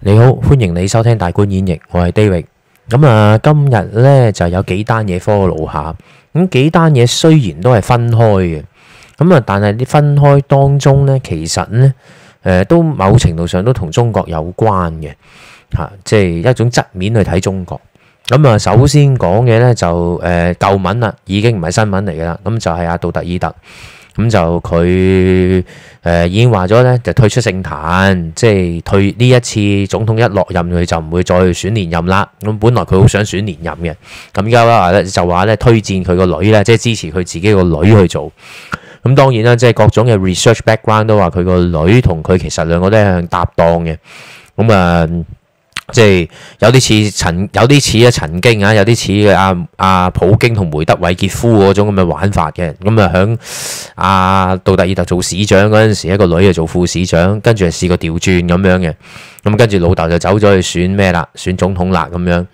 你好，歡迎你收聽大觀演繹，我係 David。咁啊，今日呢就有幾單嘢 follow 下。咁幾單嘢雖然都係分開嘅，咁啊，但係啲分開當中呢，其實呢誒、呃，都某程度上都同中國有關嘅，吓、啊，即係一種側面去睇中國。咁啊，首先講嘅呢，就誒、呃、舊聞啦，已經唔係新聞嚟噶啦，咁就係阿杜特爾特。咁就佢誒、呃、已經話咗咧，就退出政壇，即係退呢一次總統一落任，佢就唔會再選連任啦。咁本來佢好想選連任嘅，咁依家咧就話咧推薦佢個女咧，即係支持佢自己個女去做。咁當然啦，即係各種嘅 research background 都話佢個女同佢其實兩個都係搭檔嘅。咁啊～即係有啲似曾有啲似啊曾經啊有啲似嘅阿普京同梅德韋傑夫嗰種咁嘅玩法嘅，咁、嗯、啊喺阿杜達爾特做市長嗰陣時，一個女啊做副市長，跟住試過調轉咁樣嘅，咁跟住老豆就走咗去選咩啦？選總統啦咁樣，咁、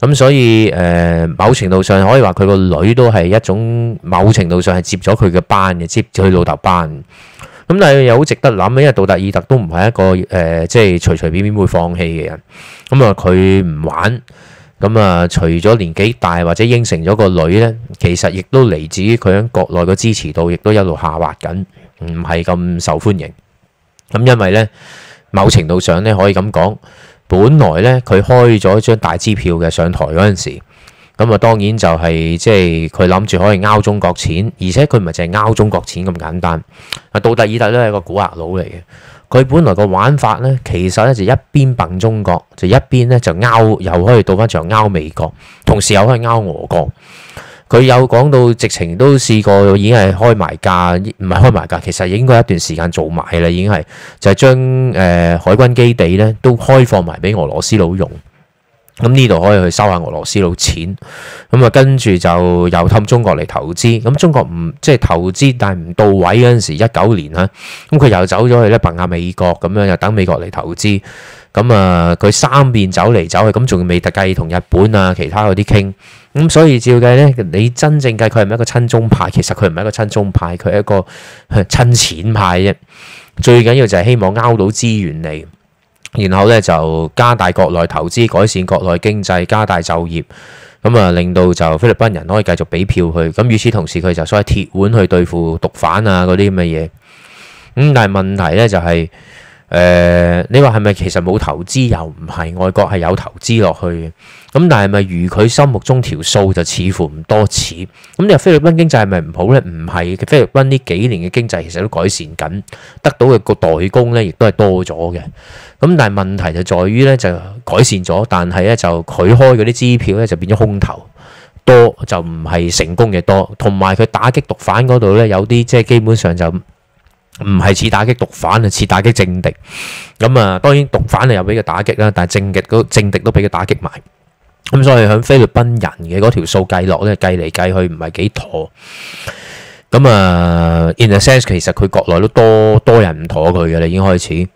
嗯、所以誒、呃，某程度上可以話佢個女都係一種某程度上係接咗佢嘅班嘅，接咗佢老豆班。咁但係又好值得諗，因為杜達爾特都唔係一個誒、呃，即係隨隨便便會放棄嘅人。咁、嗯、啊，佢唔玩咁啊、嗯，除咗年紀大或者應承咗個女呢，其實亦都嚟自於佢喺國內嘅支持度，亦都一路下滑緊，唔係咁受歡迎。咁、嗯、因為呢，某程度上呢，可以咁講，本來呢，佢開咗一張大支票嘅上台嗰陣時。咁啊，當然就係，即係佢諗住可以撓中國錢，而且佢唔係淨係撓中國錢咁簡單。啊，杜特爾特都係個古惑佬嚟嘅，佢本來個玩法呢，其實呢就一邊掹中國，就一邊呢就撓，又可以到翻場撓美國，同時又可以撓俄國。佢有講到，直情都試過，已經係開埋價，唔係開埋價，其實應該一段時間做埋啦，已經係就係將誒海軍基地呢都開放埋俾俄羅斯佬用。咁呢度可以去收下俄羅斯佬錢，咁、嗯、啊跟住就又氹中國嚟投資，咁、嗯、中國唔即係投資但係唔到位嗰陣時，一九年啦，咁、啊、佢、嗯、又走咗去咧，憑下美國咁樣又等美國嚟投資，咁、嗯、啊佢三邊走嚟走去，咁仲未特計同日本啊其他嗰啲傾，咁、嗯、所以照計咧，你真正計佢係咪一個親中派？其實佢唔係一個親中派，佢係一個親錢派啫。最緊要就係希望勾到資源嚟。然後咧就加大國內投資，改善國內經濟，加大就業，咁、嗯、啊令到就菲律賓人可以繼續俾票佢。咁與此同時，佢就所謂鐵腕去對付毒販啊嗰啲咁嘅嘢。咁、嗯、但係問題咧就係、是，誒、呃、你話係咪其實冇投資又唔係外國係有投資落去？咁但係咪如佢心目中條數就似乎唔多似咁？你話菲律賓經濟係咪唔好呢？唔係菲律賓呢幾年嘅經濟其實都改善緊，得到嘅個代工呢亦都係多咗嘅。咁但係問題就在於呢，就改善咗，但係呢，就佢開嗰啲支票呢就變咗空頭多，就唔係成功嘅多。同埋佢打擊毒販嗰度呢，有啲即係基本上就唔係似打擊毒販，係似打擊政敵。咁、嗯、啊，當然毒販係有俾佢打擊啦，但係政嘅嗰政敵都俾佢打擊埋。咁所以喺菲律賓人嘅嗰條數計落咧，計嚟計去唔係幾妥。咁啊，in a sense 其實佢國內都多多人唔妥佢嘅啦，已經開始。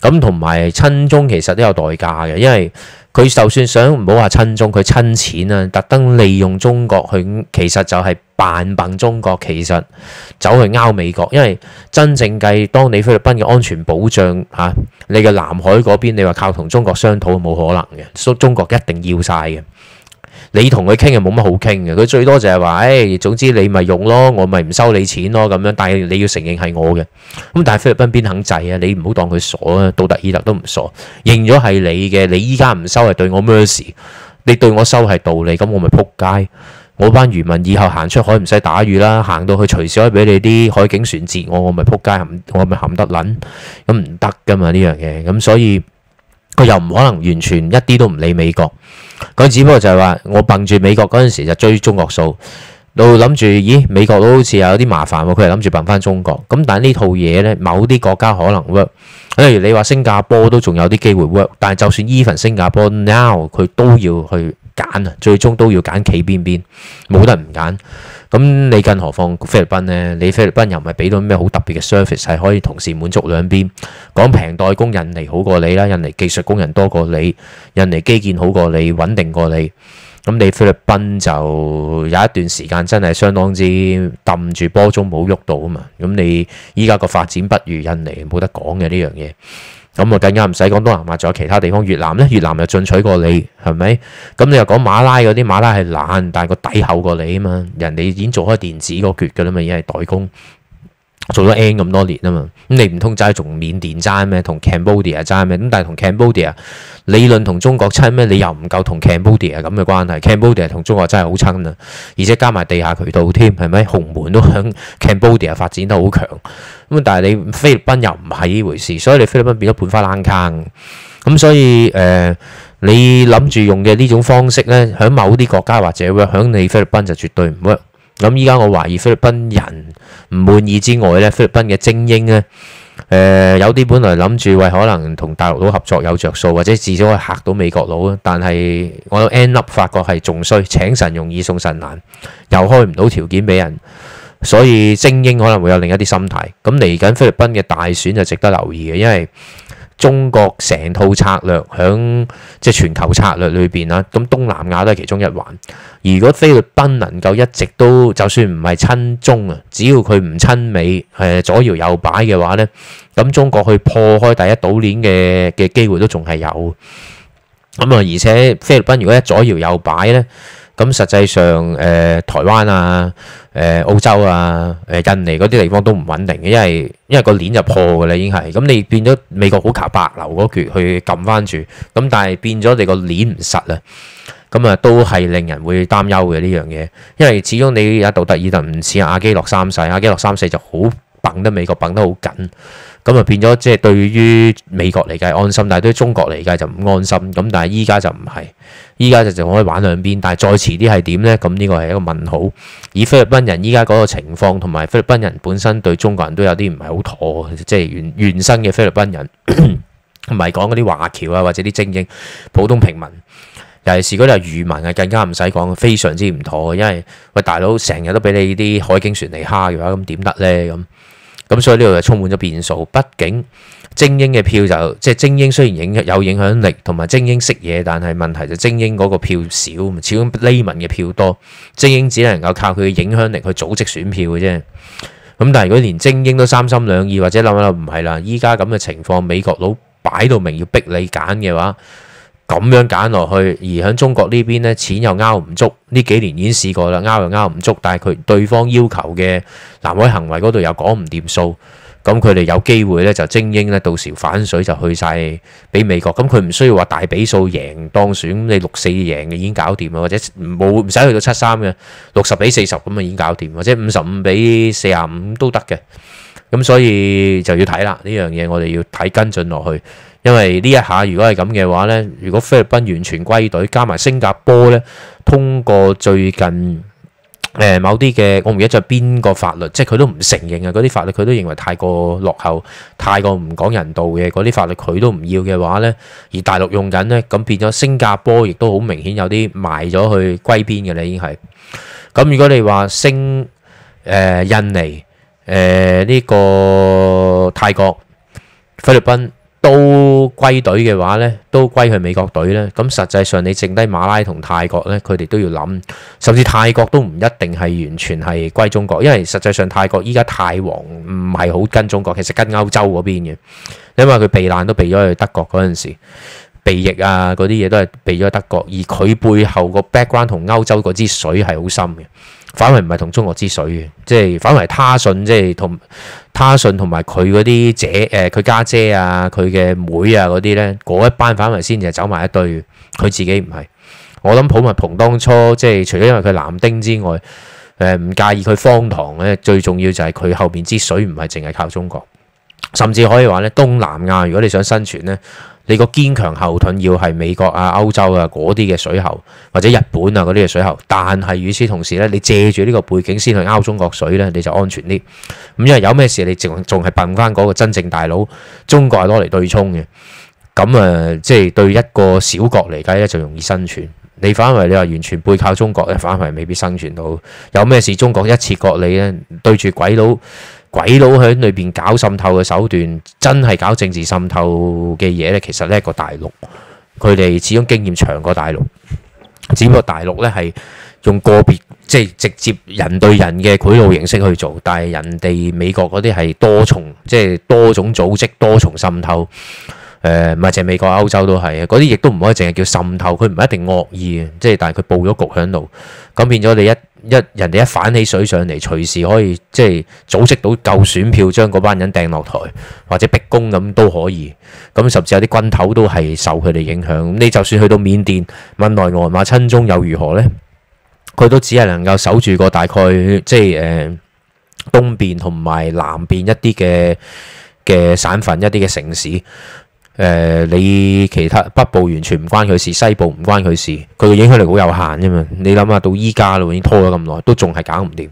咁同埋親中其實都有代價嘅，因為。佢就算想唔好話親中，佢親錢啊，特登利用中國去，其實就係扮笨中國，其實走去勾美國，因為真正計當你菲律賓嘅安全保障吓、啊，你嘅南海嗰邊，你話靠同中國商討冇可能嘅，所以中國一定要曬嘅。你同佢傾係冇乜好傾嘅，佢最多就係話，誒、哎，總之你咪用咯，我咪唔收你錢咯咁樣。但係你要承認係我嘅咁，但係菲律賓邊肯制啊？你唔好當佢傻啊！杜特爾特都唔傻，認咗係你嘅，你依家唔收係對我 mercy，你對我收係道理，咁我咪撲街。我班漁民以後行出海唔使打魚啦，行到去隨時可以俾你啲海警船截我，我咪撲街，我咪冚得撚咁唔得噶嘛呢樣嘢咁，所以佢又唔可能完全一啲都唔理美國。佢只不過就係話我掹住美國嗰陣時就追中國數，到諗住咦，美國都好似有啲麻煩，佢係諗住掹翻中國。咁但係呢套嘢呢，某啲國家可能 work，例如你話新加坡都仲有啲機會 work，但係就算 even 新加坡 now 佢都要去。揀啊，最終都要揀企邊邊，冇得唔揀。咁你更何況菲律賓呢？你菲律賓又唔係俾到咩好特別嘅 service，係可以同時滿足兩邊。講平代工，印尼好過你啦，印尼技術工人多過你，印尼基建好過你，穩定過你。咁你菲律賓就有一段時間真係相當之揼住波中冇喐到啊嘛。咁你依家個發展不如印尼，冇得講嘅呢樣嘢。咁啊，更加唔使講，東南亞仲有其他地方，越南咧，越南又進取過你，係咪？咁你又講馬拉，嗰啲馬拉係懶，但係個底厚過你啊嘛，人哋已經做開電子嗰橛噶啦嘛，已經係代工。做咗 N 咁多年啊嘛，咁你唔通齋同緬甸齋咩？同 Cambodia 齋咩？咁但係同 Cambodia 理論同中國親咩？你又唔夠同 Cambodia 咁嘅關係。Cambodia 同中國真係好親啊，而且加埋地下渠道添，係咪？洪門都響 Cambodia 發展得好強。咁但係你菲律賓又唔係呢回事，所以你菲律賓變咗半花冷坑。咁所以誒、呃，你諗住用嘅呢種方式咧，喺某啲國家或者 work，喺你菲律賓就絕對唔 work。咁依家我懷疑菲律賓人。唔滿意之外咧，菲律賓嘅精英咧，誒有啲本來諗住為可能同大陸佬合作有著數，或者至少可以嚇到美國佬啊，但係我 end up 發覺係仲衰，請神容易送神難，又開唔到條件俾人，所以精英可能會有另一啲心態。咁嚟緊菲律賓嘅大選就值得留意嘅，因為。中國成套策略喺即係全球策略裏邊啦，咁東南亞都係其中一環。如果菲律賓能夠一直都就算唔係親中啊，只要佢唔親美，誒左搖右擺嘅話呢，咁中國去破開第一島鏈嘅嘅機會都仲係有。咁啊，而且菲律賓如果一左搖右擺呢。咁實際上，誒、呃、台灣啊，誒、呃、澳洲啊，誒、呃、印尼嗰啲地方都唔穩定嘅，因為因為個鏈就破㗎啦，已經係咁，你變咗美國好靠白流嗰橛去撳翻住，咁但係變咗你個鏈唔實啦，咁、嗯、啊都係令人會擔憂嘅呢樣嘢，因為始終你阿杜特爾特唔似阿基諾三世，阿基諾三世就好掹得美國掹得好緊，咁啊變咗即係對於美國嚟計安心，但係對於中國嚟計就唔安心，咁但係依家就唔係。依家就仲可以玩兩邊，但係再遲啲係點呢？咁呢個係一個問號。以菲律賓人依家嗰個情況，同埋菲律賓人本身對中國人都有啲唔係好妥，即係原原生嘅菲律賓人，唔係講嗰啲華僑啊，或者啲精英、普通平民，尤其是嗰啲漁民啊，更加唔使講，非常之唔妥。因為喂大佬，成日都俾你啲海警船嚟蝦嘅話，咁點得呢？咁。咁所以呢度就充滿咗變數，畢竟精英嘅票就即係精英雖然影有影響力，同埋精英識嘢，但係問題就精英嗰個票少，始終 layman 嘅票多，精英只能夠靠佢嘅影響力去組織選票嘅啫。咁但係如果連精英都三心兩意或者諗下唔係啦，依家咁嘅情況，美國佬擺到明要逼你揀嘅話。咁樣揀落去，而喺中國呢邊呢，錢又鈎唔足。呢幾年已經試過啦，鈎又鈎唔足。但係佢對方要求嘅南海行為嗰度又講唔掂數，咁佢哋有機會呢，就精英呢，到時反水就去晒俾美國。咁佢唔需要話大比數贏當選，你六四贏已經搞掂啦，或者冇唔使去到七三嘅六十比四十咁啊已經搞掂，或者五十五比四十五都得嘅。咁所以就要睇啦，呢樣嘢我哋要睇跟進落去。因為呢一下，如果係咁嘅話咧，如果菲律賓完全歸隊，加埋新加坡咧，通過最近誒某啲嘅，我唔記得咗邊個法律，即係佢都唔承認啊。嗰啲法律佢都認為太過落後，太過唔講人道嘅嗰啲法律，佢都唔要嘅話咧，而大陸用緊咧，咁變咗新加坡亦都好明顯有啲賣咗去歸邊嘅啦，已經係咁。如果你話星誒印尼誒呢個泰國菲律賓，都歸隊嘅話呢，都歸去美國隊呢。咁實際上你剩低馬拉同泰國呢，佢哋都要諗，甚至泰國都唔一定係完全係歸中國，因為實際上泰國依家泰王唔係好跟中國，其實跟歐洲嗰邊嘅，因為佢避難都避咗去德國嗰陣時。避役啊，嗰啲嘢都係避咗德國，而佢背後個 background 同歐洲嗰支水係好深嘅。反為唔係同中國支水嘅，即係反為他信，即係同他信同埋佢嗰啲姐誒，佢、呃、家姐啊，佢嘅妹啊嗰啲咧，嗰一班反為先至走埋一堆，佢自己唔係，我諗普密蓬當初即係除咗因為佢男丁之外，誒、呃、唔介意佢荒唐咧，最重要就係佢後面支水唔係淨係靠中國。甚至可以話咧，東南亞如果你想生存呢，你個堅強後盾要係美國啊、歐洲啊嗰啲嘅水喉，或者日本啊嗰啲嘅水喉。但係與此同時呢，你借住呢個背景先去勾中國水呢，你就安全啲。咁因為有咩事，你仲仲係笨翻嗰個真正大佬，中國係攞嚟對沖嘅。咁誒，即係對一個小國嚟計呢，就容易生存。你反為你話完全背靠中國咧，反為未必生存到。有咩事中國一切割你呢，對住鬼佬？鬼佬喺裏邊搞滲透嘅手段，真係搞政治滲透嘅嘢呢。其實呢個大陸，佢哋始終經驗長過大陸。只不過大陸呢係用個別即係直接人對人嘅賄賂形式去做，但係人哋美國嗰啲係多重，即係多種組織多重滲透。誒，唔係淨係美國，歐洲都係啊！嗰啲亦都唔可以淨係叫滲透，佢唔一定惡意啊。即係但係佢佈咗局喺度，咁變咗你一一人哋一反起水上嚟，隨時可以即係組織到夠選票，將嗰班人掟落台，或者逼宮咁都可以。咁甚至有啲軍頭都係受佢哋影響。你就算去到緬甸問內外馬親中又如何呢？佢都只係能夠守住個大概，即係誒、呃、東邊同埋南邊一啲嘅嘅省份一啲嘅城市。誒、呃，你其他北部完全唔關佢事，西部唔關佢事，佢嘅影響力好有限啫嘛。你諗下，到依家都已經拖咗咁耐，都仲係搞唔掂。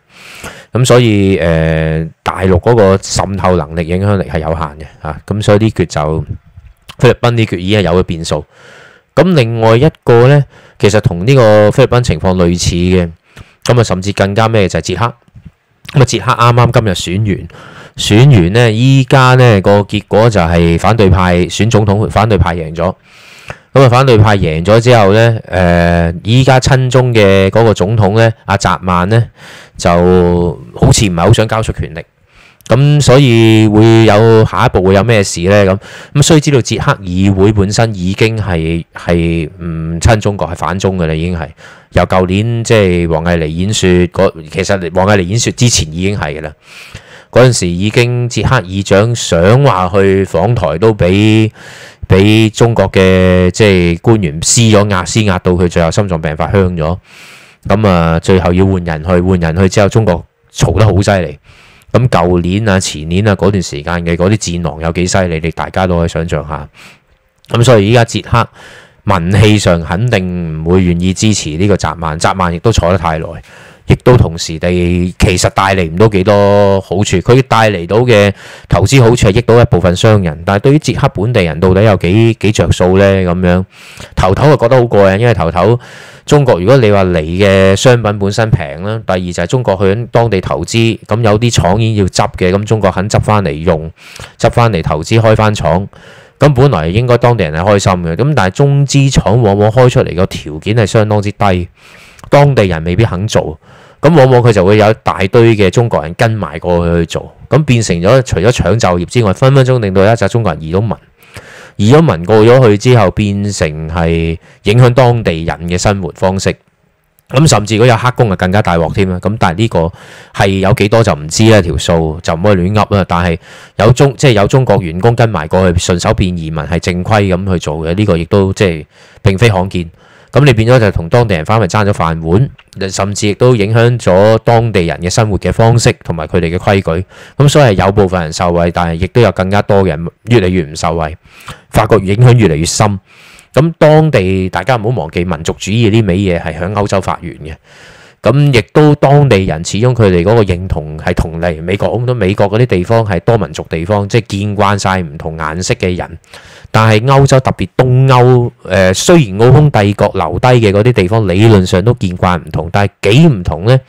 咁所以誒、呃，大陸嗰個滲透能力、影響力係有限嘅嚇。咁、啊、所以啲決就菲律賓啲決已經係有咗變數。咁另外一個呢，其實同呢個菲律賓情況類似嘅，咁啊甚至更加咩就係捷克。咁啊捷克啱啱今日選完。選完呢，依家呢個結果就係反對派選總統，反對派贏咗。咁啊，反對派贏咗之後呢，誒，依家親中嘅嗰個總統呢，阿澤曼呢，就好似唔係好想交出權力，咁所以會有下一步會有咩事呢？咁咁，所以知道捷克議會本身已經係係唔親中國係反中嘅啦，已經係由舊年即係王毅嚟演説，其實王毅嚟演説之前已經係嘅啦。嗰陣時已經捷克議長想話去訪台都俾俾中國嘅即係官員施咗壓，施壓到佢最後心臟病發香咗。咁啊，最後要換人去，換人去之後中國嘈得好犀利。咁舊年啊、前年啊嗰段時間嘅嗰啲戰狼有幾犀利，你大家都可以想象下。咁所以依家捷克文氣上肯定唔會願意支持呢個澤曼，澤曼亦都坐得太耐。亦都同時地其實帶嚟唔到幾多好處，佢帶嚟到嘅投資好處係益到一部分商人，但係對於捷克本地人到底有幾幾著數呢？咁樣，頭頭就覺得好過癮，因為頭頭中國如果你話嚟嘅商品本身平啦，第二就係中國去當地投資，咁有啲廠已經要執嘅，咁中國肯執返嚟用，執返嚟投資開返廠，咁本來應該當地人係開心嘅，咁但係中資廠往往開出嚟個條件係相當之低。當地人未必肯做，咁往往佢就會有一大堆嘅中國人跟埋過去去做，咁變成咗除咗搶就業之外，分分鐘令到有一扎中國人移咗民，移咗民過咗去之後，變成係影響當地人嘅生活方式。咁甚至如果有黑工，就更加大鑊添啦。咁但係呢個係有幾多就唔知啦，條數就唔可以亂噏啦。但係有中即係有中國員工跟埋過去，順手變移民係正規咁去做嘅，呢個亦都即係並非罕見。咁你變咗就同當地人返去爭咗飯碗，甚至亦都影響咗當地人嘅生活嘅方式同埋佢哋嘅規矩。咁所以有部分人受惠，但係亦都有更加多嘅人越嚟越唔受惠，發覺越影響越嚟越深。咁當地大家唔好忘記民族主義呢味嘢係響歐洲發源嘅。咁亦都當地人，始終佢哋嗰個認同係同嚟美國，咁多美國嗰啲地方係多民族地方，即係見慣晒唔同顏色嘅人。但係歐洲特別東歐，誒、呃、雖然奧匈帝國留低嘅嗰啲地方，理論上都見慣唔同，但係幾唔同呢？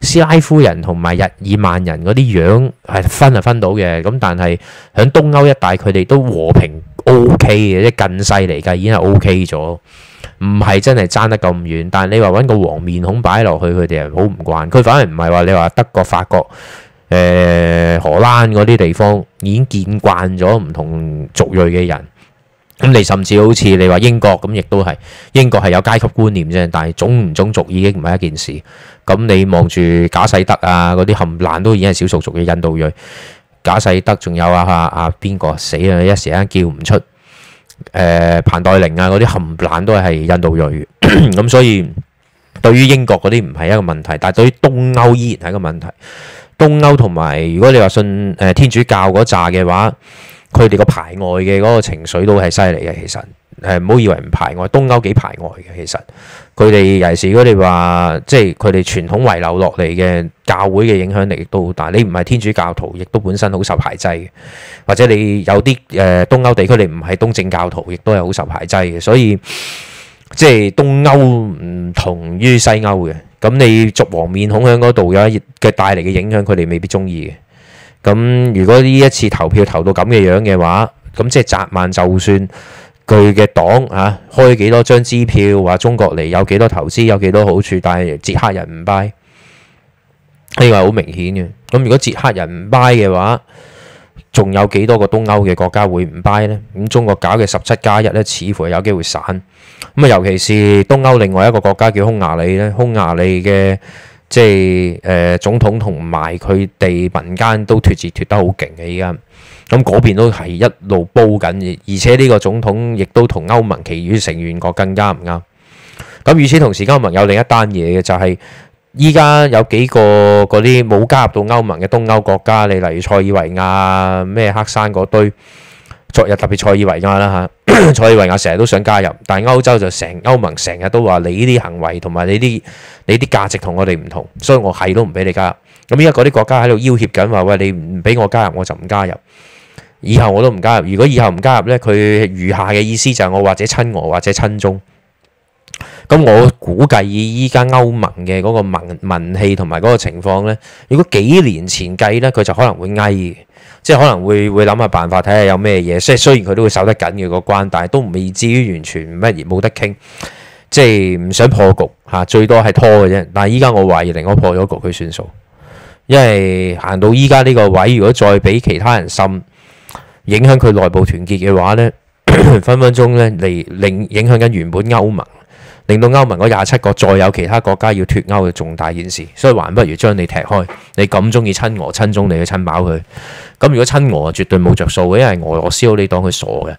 斯拉夫人同埋日耳曼人嗰啲樣係分就分到嘅，咁但係喺東歐一帶，佢哋都和平 O K 嘅，即、okay，係近世嚟嘅已經係 O K 咗。唔係真係爭得咁遠，但係你話搵個黃面孔擺落去，佢哋又好唔慣。佢反而唔係話你話德國、法國、誒、呃、荷蘭嗰啲地方已經見慣咗唔同族裔嘅人。咁你甚至好似你話英國咁，亦都係英國係有階級觀念啫。但係種唔種族已經唔係一件事。咁你望住賈世德啊，嗰啲冚爛都已經係少數族嘅印度裔。賈世德仲有啊、啊邊個、啊、死啊？一時間叫唔出。誒、呃，彭黛玲啊，嗰啲冚唥都係印度裔，咁、 嗯、所以對於英國嗰啲唔係一個問題，但係對於東歐依然係一個問題。東歐同埋，如果你話信誒、呃、天主教嗰扎嘅話。佢哋個排外嘅嗰個情緒都係犀利嘅，其實誒唔好以為唔排外，東歐幾排外嘅，其實佢哋尤其是佢哋話，即係佢哋傳統遺留落嚟嘅教會嘅影響力亦都好大。你唔係天主教徒，亦都本身好受排擠；或者你有啲誒東歐地區，你唔係東正教徒，亦都係好受排擠嘅。所以即係東歐唔同於西歐嘅，咁你捉黃面孔喺嗰度嘅，帶嚟嘅影響，佢哋未必中意嘅。咁如果呢一次投票投到咁嘅樣嘅話，咁即係砸萬就算佢嘅黨嚇開幾多張支票話中國嚟有幾多投資有幾多好處，但係捷克人唔 buy，呢個係好明顯嘅。咁如果捷克人唔拜嘅話，仲有幾多個東歐嘅國家會唔 buy 呢？咁中國搞嘅十七加一呢，似乎有機會散。咁啊，尤其是東歐另外一個國家叫匈牙利呢，匈牙利嘅。即係誒總統同埋佢哋民間都脫節脫得好勁嘅，依家咁嗰邊都係一路煲緊，而且呢個總統亦都同歐盟其餘成員國更加唔啱。咁與此同時，歐盟有另一單嘢嘅，就係依家有幾個嗰啲冇加入到歐盟嘅東歐國家，你例如塞爾維亞啊，咩黑山嗰堆，昨日特別塞爾維亞啦嚇。塞爾維亞成日都想加入，但係歐洲就成歐盟成日都話你呢啲行為同埋你啲你啲價值同我哋唔同，所以我係都唔俾你加入。咁依家嗰啲國家喺度要挾緊，話喂，你唔俾我加入，我就唔加入。以後我都唔加入。如果以後唔加入呢，佢餘下嘅意思就係我或者親俄或者親中。咁、嗯、我估計依依家歐盟嘅嗰個民氣同埋嗰個情況呢，如果幾年前計呢，佢就可能會翳，即係可能會會諗下辦法，睇下有咩嘢。即係雖然佢都會守得緊嘅個關，但係都未至於完全乜冇得傾，即係唔想破局嚇，最多係拖嘅啫。但係依家我懷疑，令我破咗局佢算數，因為行到依家呢個位，如果再俾其他人滲影響佢內部團結嘅話呢，分分鐘呢嚟令影響緊原本歐盟。令到歐盟嗰廿七個再有其他國家要脫歐嘅重大件事，所以還不如將你踢開。你咁中意親俄親中你，你去親飽佢咁。如果親俄絕對冇着數嘅，因為俄羅斯佬你當佢傻嘅，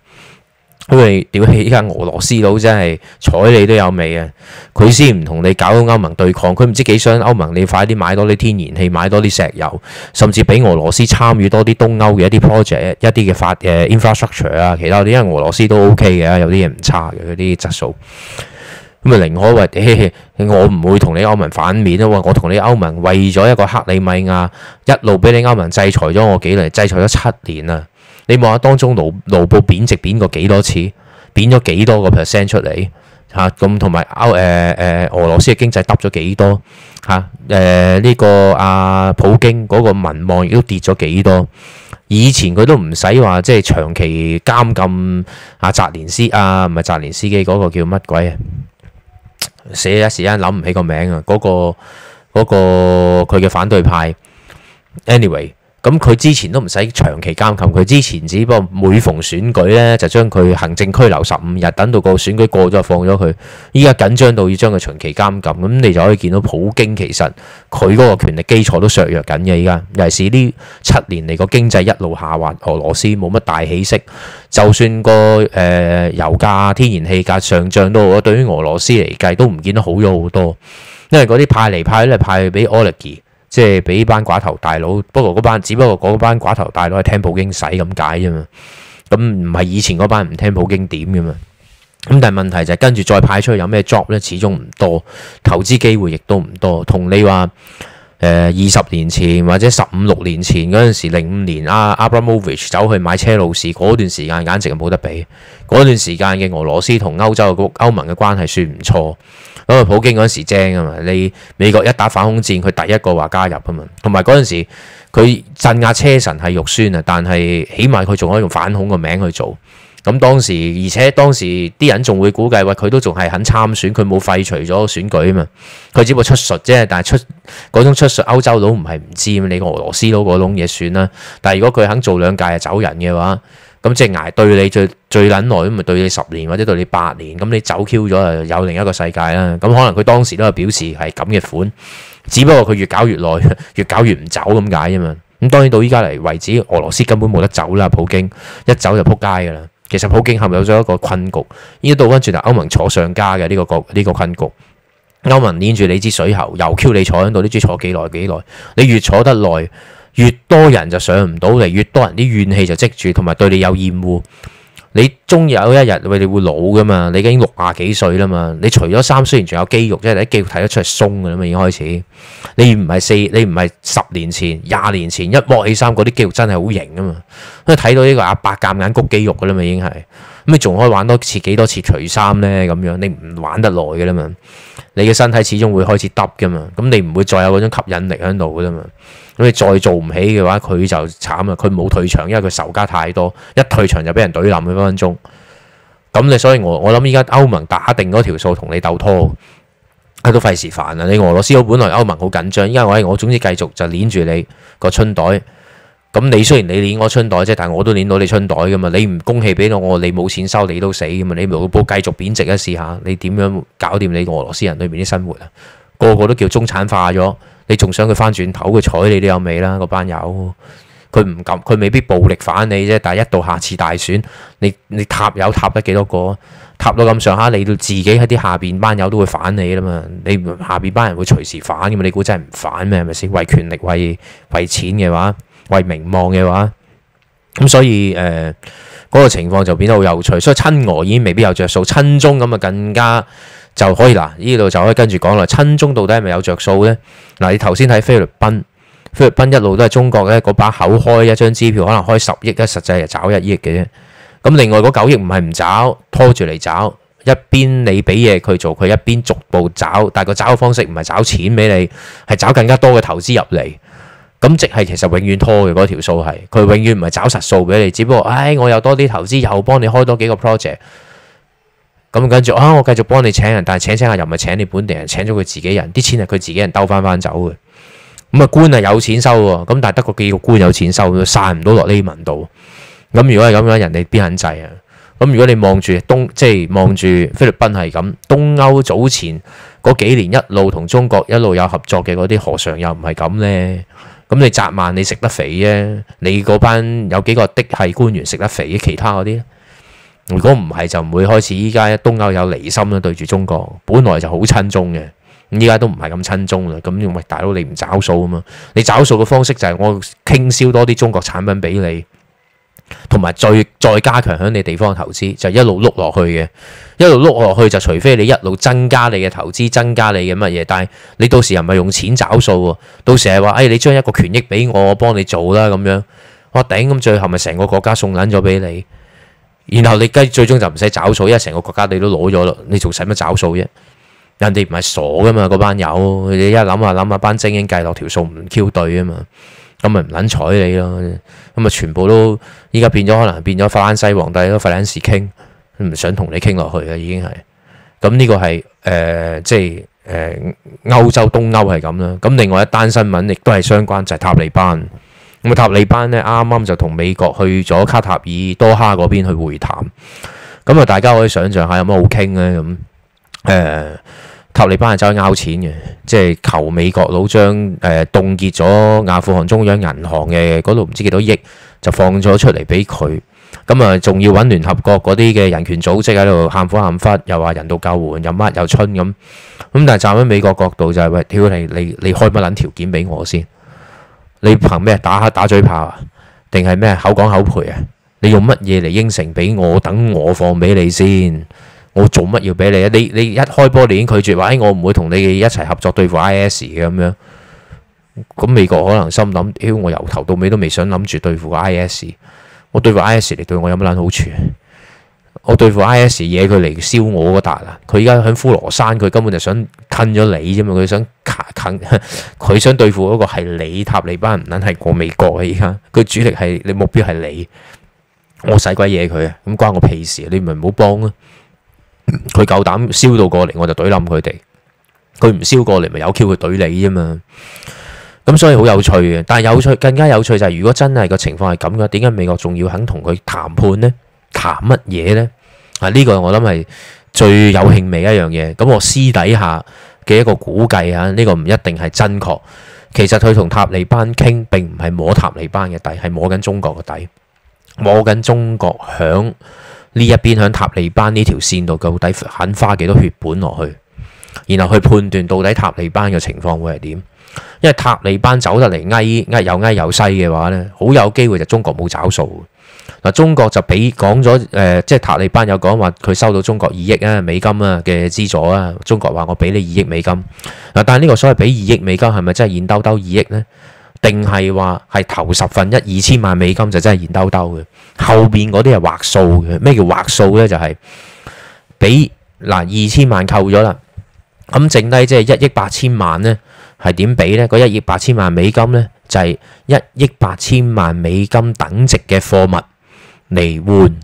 因為屌起依家俄羅斯佬真係睬你都有味啊！佢先唔同你搞歐盟對抗，佢唔知幾想歐盟你快啲買多啲天然氣，買多啲石油，甚至俾俄羅斯參與多啲東歐嘅一啲 project 一啲嘅發誒 infrastructure 啊。其他啲因為俄羅斯都 OK 嘅，有啲嘢唔差嘅嗰啲質素。咁啊，寧可話，我唔會同你歐盟反面啊！我同你歐盟為咗一個克里米亞，一路俾你歐盟制裁咗我幾年，制裁咗七年啊！你望下當中盧盧布貶值，貶過幾多次，貶咗幾多個 percent 出嚟嚇？咁同埋歐誒誒、呃呃，俄羅斯嘅經濟揼咗幾多嚇？誒、啊、呢、呃這個阿、啊、普京嗰個民望亦都跌咗幾多？以前佢都唔使話，即係長期監禁阿、啊、扎連斯啊，唔係扎連斯基嗰個叫乜鬼啊？寫一時間諗唔起個名啊！嗰個嗰個佢嘅反對派，anyway。咁佢之前都唔使長期監禁，佢之前只不過每逢選舉咧就將佢行政拘留十五日，等到個選舉過咗就放咗佢。依家緊張到要將佢長期監禁，咁你就可以見到普京其實佢嗰個權力基礎都削弱緊嘅。依家尤其是呢七年嚟個經濟一路下滑，俄羅斯冇乜大起色。就算個誒油價、天然氣價上漲都好，對於俄羅斯嚟計都唔見得好咗好多，因為嗰啲派嚟派咧派俾 Oleg。即係俾班寡頭大佬，不過嗰班，只不過嗰班寡頭大佬係聽普京使咁解啫嘛，咁唔係以前嗰班唔聽普京點嘅嘛，咁但係問題就係跟住再派出去有咩 job 呢？始終唔多，投資機會亦都唔多，同你話。二十年前或者十五六年前嗰陣時，零五年阿 Abramovich 走去買車路士，嗰段時間簡直冇得比。嗰段時間嘅俄羅斯同歐洲嘅歐盟嘅關係算唔錯，因為普京嗰陣時正啊嘛，你美國一打反恐戰，佢第一個話加入啊嘛，同埋嗰陣時佢鎮壓車臣係肉酸啊，但係起碼佢仲可以用反恐嘅名去做。咁當時，而且當時啲人仲會估計話佢都仲係肯參選，佢冇廢除咗選舉啊嘛。佢只不過出術啫，但係出嗰種出術，歐洲佬唔係唔知你俄羅斯佬嗰種嘢算啦。但係如果佢肯做兩屆就走人嘅話，咁即係挨對你最最撚耐都咪對你十年或者對你八年。咁你走 Q 咗啊，有另一個世界啦。咁可能佢當時都係表示係咁嘅款，只不過佢越搞越耐，越搞越唔走咁解啫嘛。咁當然到依家嚟為止，俄羅斯根本冇得走啦。普京一走就撲街㗎啦。其實普京陷入咗一個困局，依度跟住就歐盟坐上家嘅呢、呢個個呢、呢個困局，歐盟黏住你支水喉，又 Q 你坐喺度，呢支坐幾耐幾耐？你越坐得耐，越多人就上唔到嚟，越多人啲怨氣就積住，同埋對你有厭惡。你終有一日餵你會老噶嘛？你已經六廿幾歲啦嘛？你除咗衫，雖然仲有肌肉，即係你啲肌肉睇得出係鬆噶啦嘛，已經開始。你唔係四，你唔係十年前、廿年前一剝起衫嗰啲肌肉真係好型噶嘛？所以睇到呢個阿伯夾硬谷肌肉噶啦嘛，已經係。咁你仲可以玩多次幾多次除衫呢？咁樣你唔玩得耐嘅啦嘛，你嘅身體始終會開始耷嘅嘛。咁你唔會再有嗰種吸引力喺度嘅啦嘛。咁你再做唔起嘅話，佢就慘啦。佢冇退場，因為佢仇家太多，一退場就俾人懟冧咗分分鐘。咁你所以我我諗依家歐盟打定嗰條數同你鬥拖，都費事煩啦。你俄羅斯佬本來歐盟好緊張，依家我我總之繼續就捻住你個春袋。咁你雖然你攣我春袋啫，但係我都攣到你春袋噶嘛。你唔供氣俾我，我你冇錢收，你都死噶嘛。你唔好繼續貶值，一試一下你點樣搞掂你俄羅斯人裏面啲生活啊？個個都叫中產化咗，你仲想佢翻轉頭？佢睬你都有味啦！嗰班友，佢唔敢，佢未必暴力反你啫。但係一到下次大選，你你塔有塔得幾多個？塔到咁上下，你到自己喺啲下邊班友都會反你啦嘛。你下邊班人會隨時反噶嘛？你估真係唔反咩？係咪先？為權力，為為錢嘅話？為名望嘅話，咁所以誒嗰、呃那個情況就變得好有趣，所以親俄已經未必有着數，親中咁啊更加就可以啦，呢度就可以跟住講啦。親中到底係咪有着數呢？嗱、啊，你頭先睇菲律賓，菲律賓一路都係中國嘅嗰把口開一張支票，可能開十億，而實際係找一億嘅啫。咁另外嗰九億唔係唔找，拖住嚟找，一邊你俾嘢佢做，佢一邊逐步找，但係個找嘅方式唔係找錢俾你，係找更加多嘅投資入嚟。咁即係其實永遠拖嘅嗰條數係佢永遠唔係找實數俾你，只不過，唉，我又多啲投資，又幫你開多幾個 project。咁跟住啊，我繼續幫你請人，但係請請下又唔係請你本地人，請咗佢自己人，啲錢係佢自己人兜翻翻走嘅。咁啊官係有錢收喎，咁但係得個幾個官有錢收，散唔到落呢文度。咁如果係咁樣，人哋邊肯制啊？咁如果你望住東即係望住菲律賓係咁，東歐早前嗰幾年一路同中國一路有合作嘅嗰啲何嘗又唔係咁呢？咁你扎慢你食得肥啫，你嗰班有幾個嫡系官員食得肥，其他嗰啲如果唔係就唔會開始，依家東歐有離心啦，對住中國，本來就好親中嘅，咁依家都唔係咁親中啦。咁喂大佬你唔找數啊嘛？你找數嘅方式就係我傾銷多啲中國產品俾你，同埋再再加強喺你地方嘅投資，就一路碌落去嘅。一路碌落去就，除非你一路增加你嘅投資，增加你嘅乜嘢。但係你到時又唔係用錢找數喎，到時係話，誒、哎、你將一個權益俾我，我幫你做啦咁樣。哇頂！咁最後咪成個國家送撚咗俾你，然後你計最終就唔使找數，因為成個國家你都攞咗咯，你仲使乜找數啫？人哋唔係傻㗎嘛，嗰班友，你一諗下諗下，班精英計落條數唔 Q 對啊嘛，咁咪唔撚睬你咯。咁咪全部都依家變咗，可能變咗法蘭西皇帝咯，法蘭士傾。唔想同你傾落去嘅，已經係咁呢個係誒、呃，即係誒、呃、歐洲東歐係咁啦。咁另外一單新聞亦都係相關，就係、是、塔利班。咁啊，塔利班呢啱啱就同美國去咗卡塔爾多哈嗰邊去會談。咁啊，大家可以想象下有乜好傾呢？咁誒、呃、塔利班係走去拗錢嘅，即係求美國佬將誒、呃、凍結咗阿富汗中央銀行嘅嗰度唔知幾多億，就放咗出嚟俾佢。咁啊，仲要揾聯合國嗰啲嘅人權組織喺度喊苦喊忽，又話人道救援，又乜又春咁。咁但係站喺美國角度就係喂，屌你你你開乜撚條件俾我先？你憑咩打黑打嘴炮啊？定係咩口講口賠啊？你用乜嘢嚟應承俾我？等我放俾你先。我做乜要俾你啊？你你一開波你已經拒絕話，哎，我唔會同你一齊合作對付 IS 嘅咁樣。咁美國可能心諗，屌我由頭到尾都未想諗住對付 IS。我對付 I.S. 嚟對我有乜撚好處？我對付 I.S. 惹佢嚟燒我嗰笪啦。佢而家喺呼羅山，佢根本就想吞咗你啫嘛。佢想卡，佢想對付嗰個係你塔利班，唔撚係過美國啊！而家佢主力係你目標係你，我使鬼惹佢啊！咁關我屁事！你咪唔好幫啊！佢夠膽燒到過嚟，我就懟冧佢哋。佢唔燒過嚟，咪有 Q 佢懟你啫嘛！咁所以好有趣嘅，但係有趣更加有趣就係如果真係個情況係咁嘅，點解美國仲要肯同佢談判呢？談乜嘢呢？啊，呢個我諗係最有興味一樣嘢。咁我私底下嘅一個估計啊，呢個唔一定係真確。其實佢同塔利班傾並唔係摸塔利班嘅底，係摸緊中國嘅底，摸緊中國響呢一邊響塔利班呢條線度到底肯花幾多血本落去，然後去判斷到底塔利班嘅情況會係點。因為塔利班走得嚟，埃埃又埃又西嘅話呢，好有機會就中國冇找數嗱。中國就俾講咗誒、呃，即係塔利班有講話佢收到中國二億啊美金啊嘅資助啊。中國話我俾你二億美金嗱，但係呢個所謂俾二億美金係咪真係現兜兜二億呢定係話係頭十分一，一二千萬美金就真係現兜兜嘅，後邊嗰啲係劃數嘅。咩叫劃數呢？就係俾嗱二千萬扣咗啦，咁剩低即係一億八千萬呢。係點俾呢？嗰一億八千萬美金呢，就係一億八千萬美金等值嘅貨物嚟換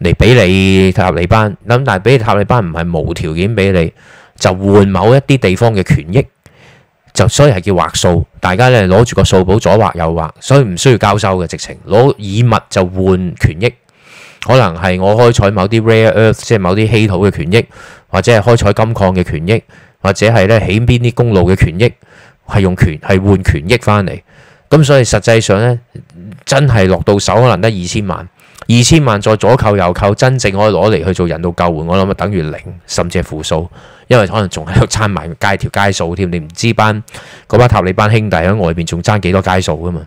嚟俾你塔利班。咁但係俾你塔利班唔係無條件俾你，就換某一啲地方嘅權益。就所以係叫劃數，大家咧攞住個數簿左劃右劃，所以唔需要交收嘅直情，攞以物就換權益。可能係我開採某啲 rare earth，即係某啲稀土嘅權益，或者係開採金礦嘅權益。或者係咧起邊啲公路嘅權益，係用權係換權益翻嚟。咁所以實際上咧真係落到手可能得二千萬，二千萬再左扣右扣，真正可以攞嚟去做人道救援，我諗啊等於零甚至係負數，因為可能仲喺度爭埋街條街數添，你唔知班嗰班塔利班兄弟喺外邊仲爭幾多街數噶嘛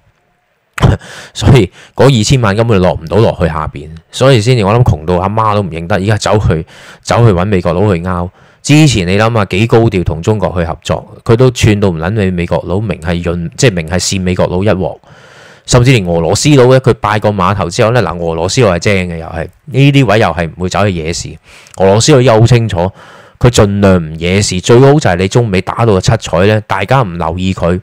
所下下，所以嗰二千萬根本落唔到落去下邊，所以先至我諗窮到阿媽都唔認得，依家走去走去揾美國佬去拗。之前你諗下幾高調同中國去合作，佢都串到唔撚你美國佬，明係潤，即係明係扇美國佬一鑊，甚至連俄羅斯佬咧，佢拜過碼頭之後咧，嗱、呃、俄羅斯佬係正嘅又係，呢啲位又係唔會走去惹事。俄羅斯佬又好清楚，佢盡量唔惹事，最好就係你中美打到個七彩咧，大家唔留意佢，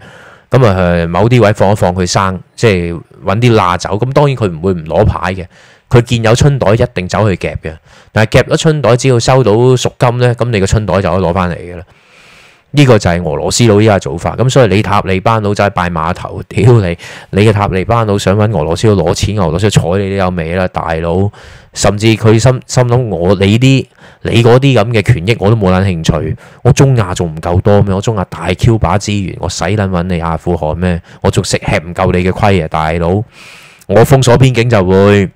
咁啊某啲位放一放佢生，即係揾啲罅走，咁當然佢唔會唔攞牌嘅。佢見有春袋一定走去夾嘅，但係夾咗春袋，只要收到贖金呢，咁你個春袋就可以攞翻嚟嘅啦。呢、呢個就係俄羅斯佬而家嘅做法。咁所以你塔利班佬就係拜碼頭，屌你！你嘅塔利班佬想揾俄羅斯佬攞錢，俄羅斯睬你都有味啦，大佬。甚至佢心心諗我你啲你嗰啲咁嘅權益我都冇撚興趣。我中亞仲唔夠多咩？我中亞大 Q 把資源，我使撚揾你阿富汗咩？我仲食吃唔夠你嘅虧啊，大佬！我封鎖邊境就會。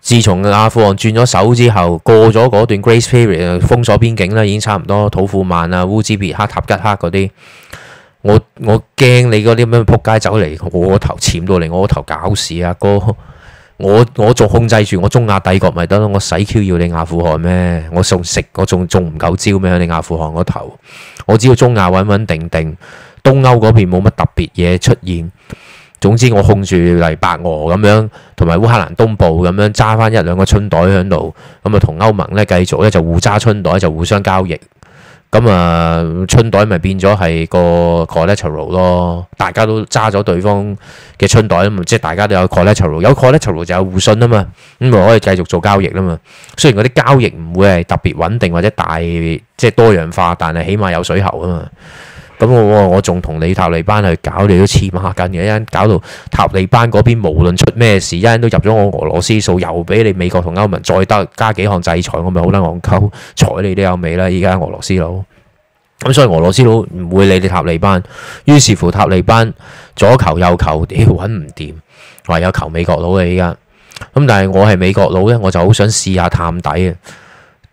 自從阿富汗轉咗手之後，過咗嗰段 Grace Period 封鎖邊境啦，已經差唔多。土庫曼啊、烏茲別克、塔吉克嗰啲，我我驚你嗰啲咁樣扑街走嚟，我個頭潛到嚟，我個頭，頭搞事啊哥、那個！我我仲控制住我中亞帝國咪得咯，我使 Q 要你阿富汗咩？我送食我仲仲唔夠招咩？你阿富汗個頭，我只要中亞穩穩定定，東歐嗰邊冇乜特別嘢出現。總之，我控住黎白俄咁樣，同埋烏克蘭東部咁樣揸翻一兩個春袋喺度，咁啊同歐盟咧繼續咧就互揸春袋，就互相交易。咁啊春袋咪變咗係個 collateral 咯，大家都揸咗對方嘅春袋啊嘛，即係大家都有 collateral，有 collateral 就有互信啊嘛，咁咪可以繼續做交易啊嘛。雖然嗰啲交易唔會係特別穩定或者大，即係多元化，但係起碼有水喉啊嘛。咁、嗯、我我仲同你塔利班去搞你都黐孖筋嘅，因搞到塔利班嗰邊無論出咩事，一人都入咗我俄羅斯數，又俾你美國同歐盟再得加幾項制裁，我咪好啦，戇鳩，睬你都有味啦，依家俄羅斯佬。咁、嗯、所以俄羅斯佬唔會理你塔利班，於是乎塔利班左求右求，屌搵唔掂，唯有求美國佬嘅依家。咁、嗯、但係我係美國佬呢，我就好想試下探底啊！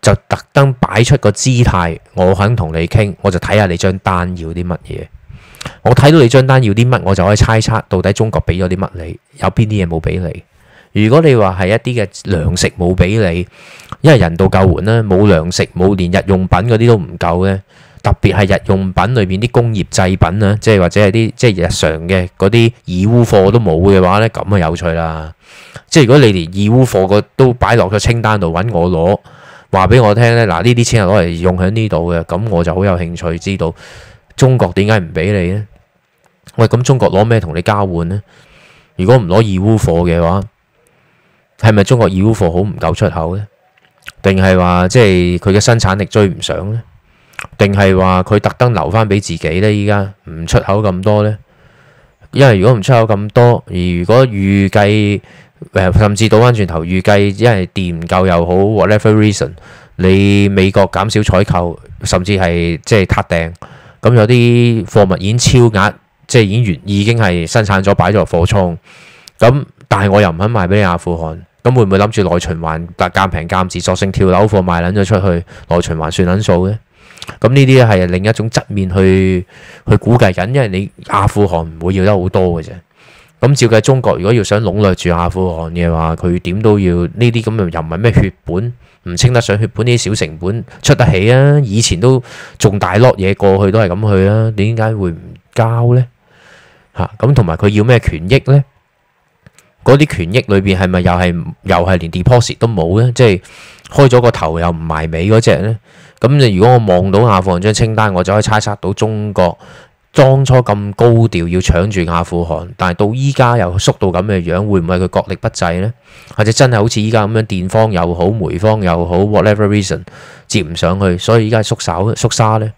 就特登擺出個姿態，我肯同你傾，我就睇下你張單要啲乜嘢。我睇到你張單要啲乜，我就可以猜測到底中國俾咗啲乜你，有邊啲嘢冇俾你。如果你話係一啲嘅糧食冇俾你，因為人道救援呢，冇糧食，冇連日用品嗰啲都唔夠呢。特別係日用品裏面啲工業製品啊，即係或者係啲即係日常嘅嗰啲義烏貨都冇嘅話呢，咁啊有趣啦。即係如果你連義烏貨都擺落咗清單度揾我攞。話俾我聽呢，嗱，呢啲錢係攞嚟用喺呢度嘅，咁我就好有興趣知道中國點解唔俾你呢？喂，咁中國攞咩同你交換呢？如果唔攞義烏貨嘅話，係咪中國義烏貨好唔夠出口呢？定係話即係佢嘅生產力追唔上呢？定係話佢特登留翻俾自己呢？依家唔出口咁多呢？因為如果唔出口咁多，而如果預計，甚至倒翻轉頭預計，因為電唔夠又好，whatever reason，你美國減少採購，甚至係即係撻訂，咁有啲貨物已經超額，即係演經已經係生產咗擺咗喺貨倉。咁但係我又唔肯賣俾阿富汗，咁會唔會諗住內循環，價減平減字，索性跳樓貨賣撚咗出去，內循環算撚數呢？咁呢啲係另一種側面去去估計緊，因為你阿富汗唔會要得好多嘅啫。咁照計，中國如果要想籠絡住阿富汗嘅話，佢點都要呢啲咁又唔係咩血本，唔稱得上血本，呢啲小成本出得起啊！以前都仲大攞嘢過去都係咁去啊，點解會唔交咧？嚇！咁同埋佢要咩權益咧？嗰啲權益裏邊係咪又係又係連 deposit 都冇咧？即係開咗個頭又唔埋尾嗰隻咧？咁你如果我望到阿富汗張清單，我就可以猜測到中國。當初咁高調要搶住阿富汗，但係到依家又縮到咁嘅樣，樣，會唔會佢國力不濟呢？或者真係好似依家咁樣，電方又好，煤方又好，whatever reason 接唔上去，所以依家縮手縮沙呢？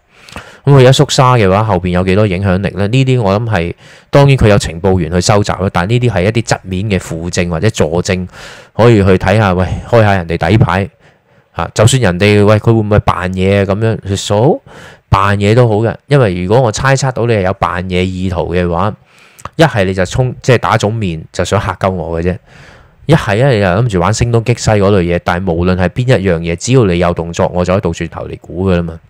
咁佢而家縮沙嘅話，後邊有幾多影響力呢？呢啲我諗係當然佢有情報員去收集咯，但呢啲係一啲側面嘅輔證或者助證，可以去睇下，喂，開下人哋底牌，啊，就算人哋喂佢會唔會扮嘢咁樣，去數。扮嘢都好嘅，因為如果我猜測到你係有扮嘢意圖嘅話，一係你就冲即係打腫面就想吓鳩我嘅啫，一係咧你就諗住玩聲東擊西嗰類嘢，但係無論係邊一樣嘢，只要你有動作，我就可以倒轉頭嚟估噶啦嘛。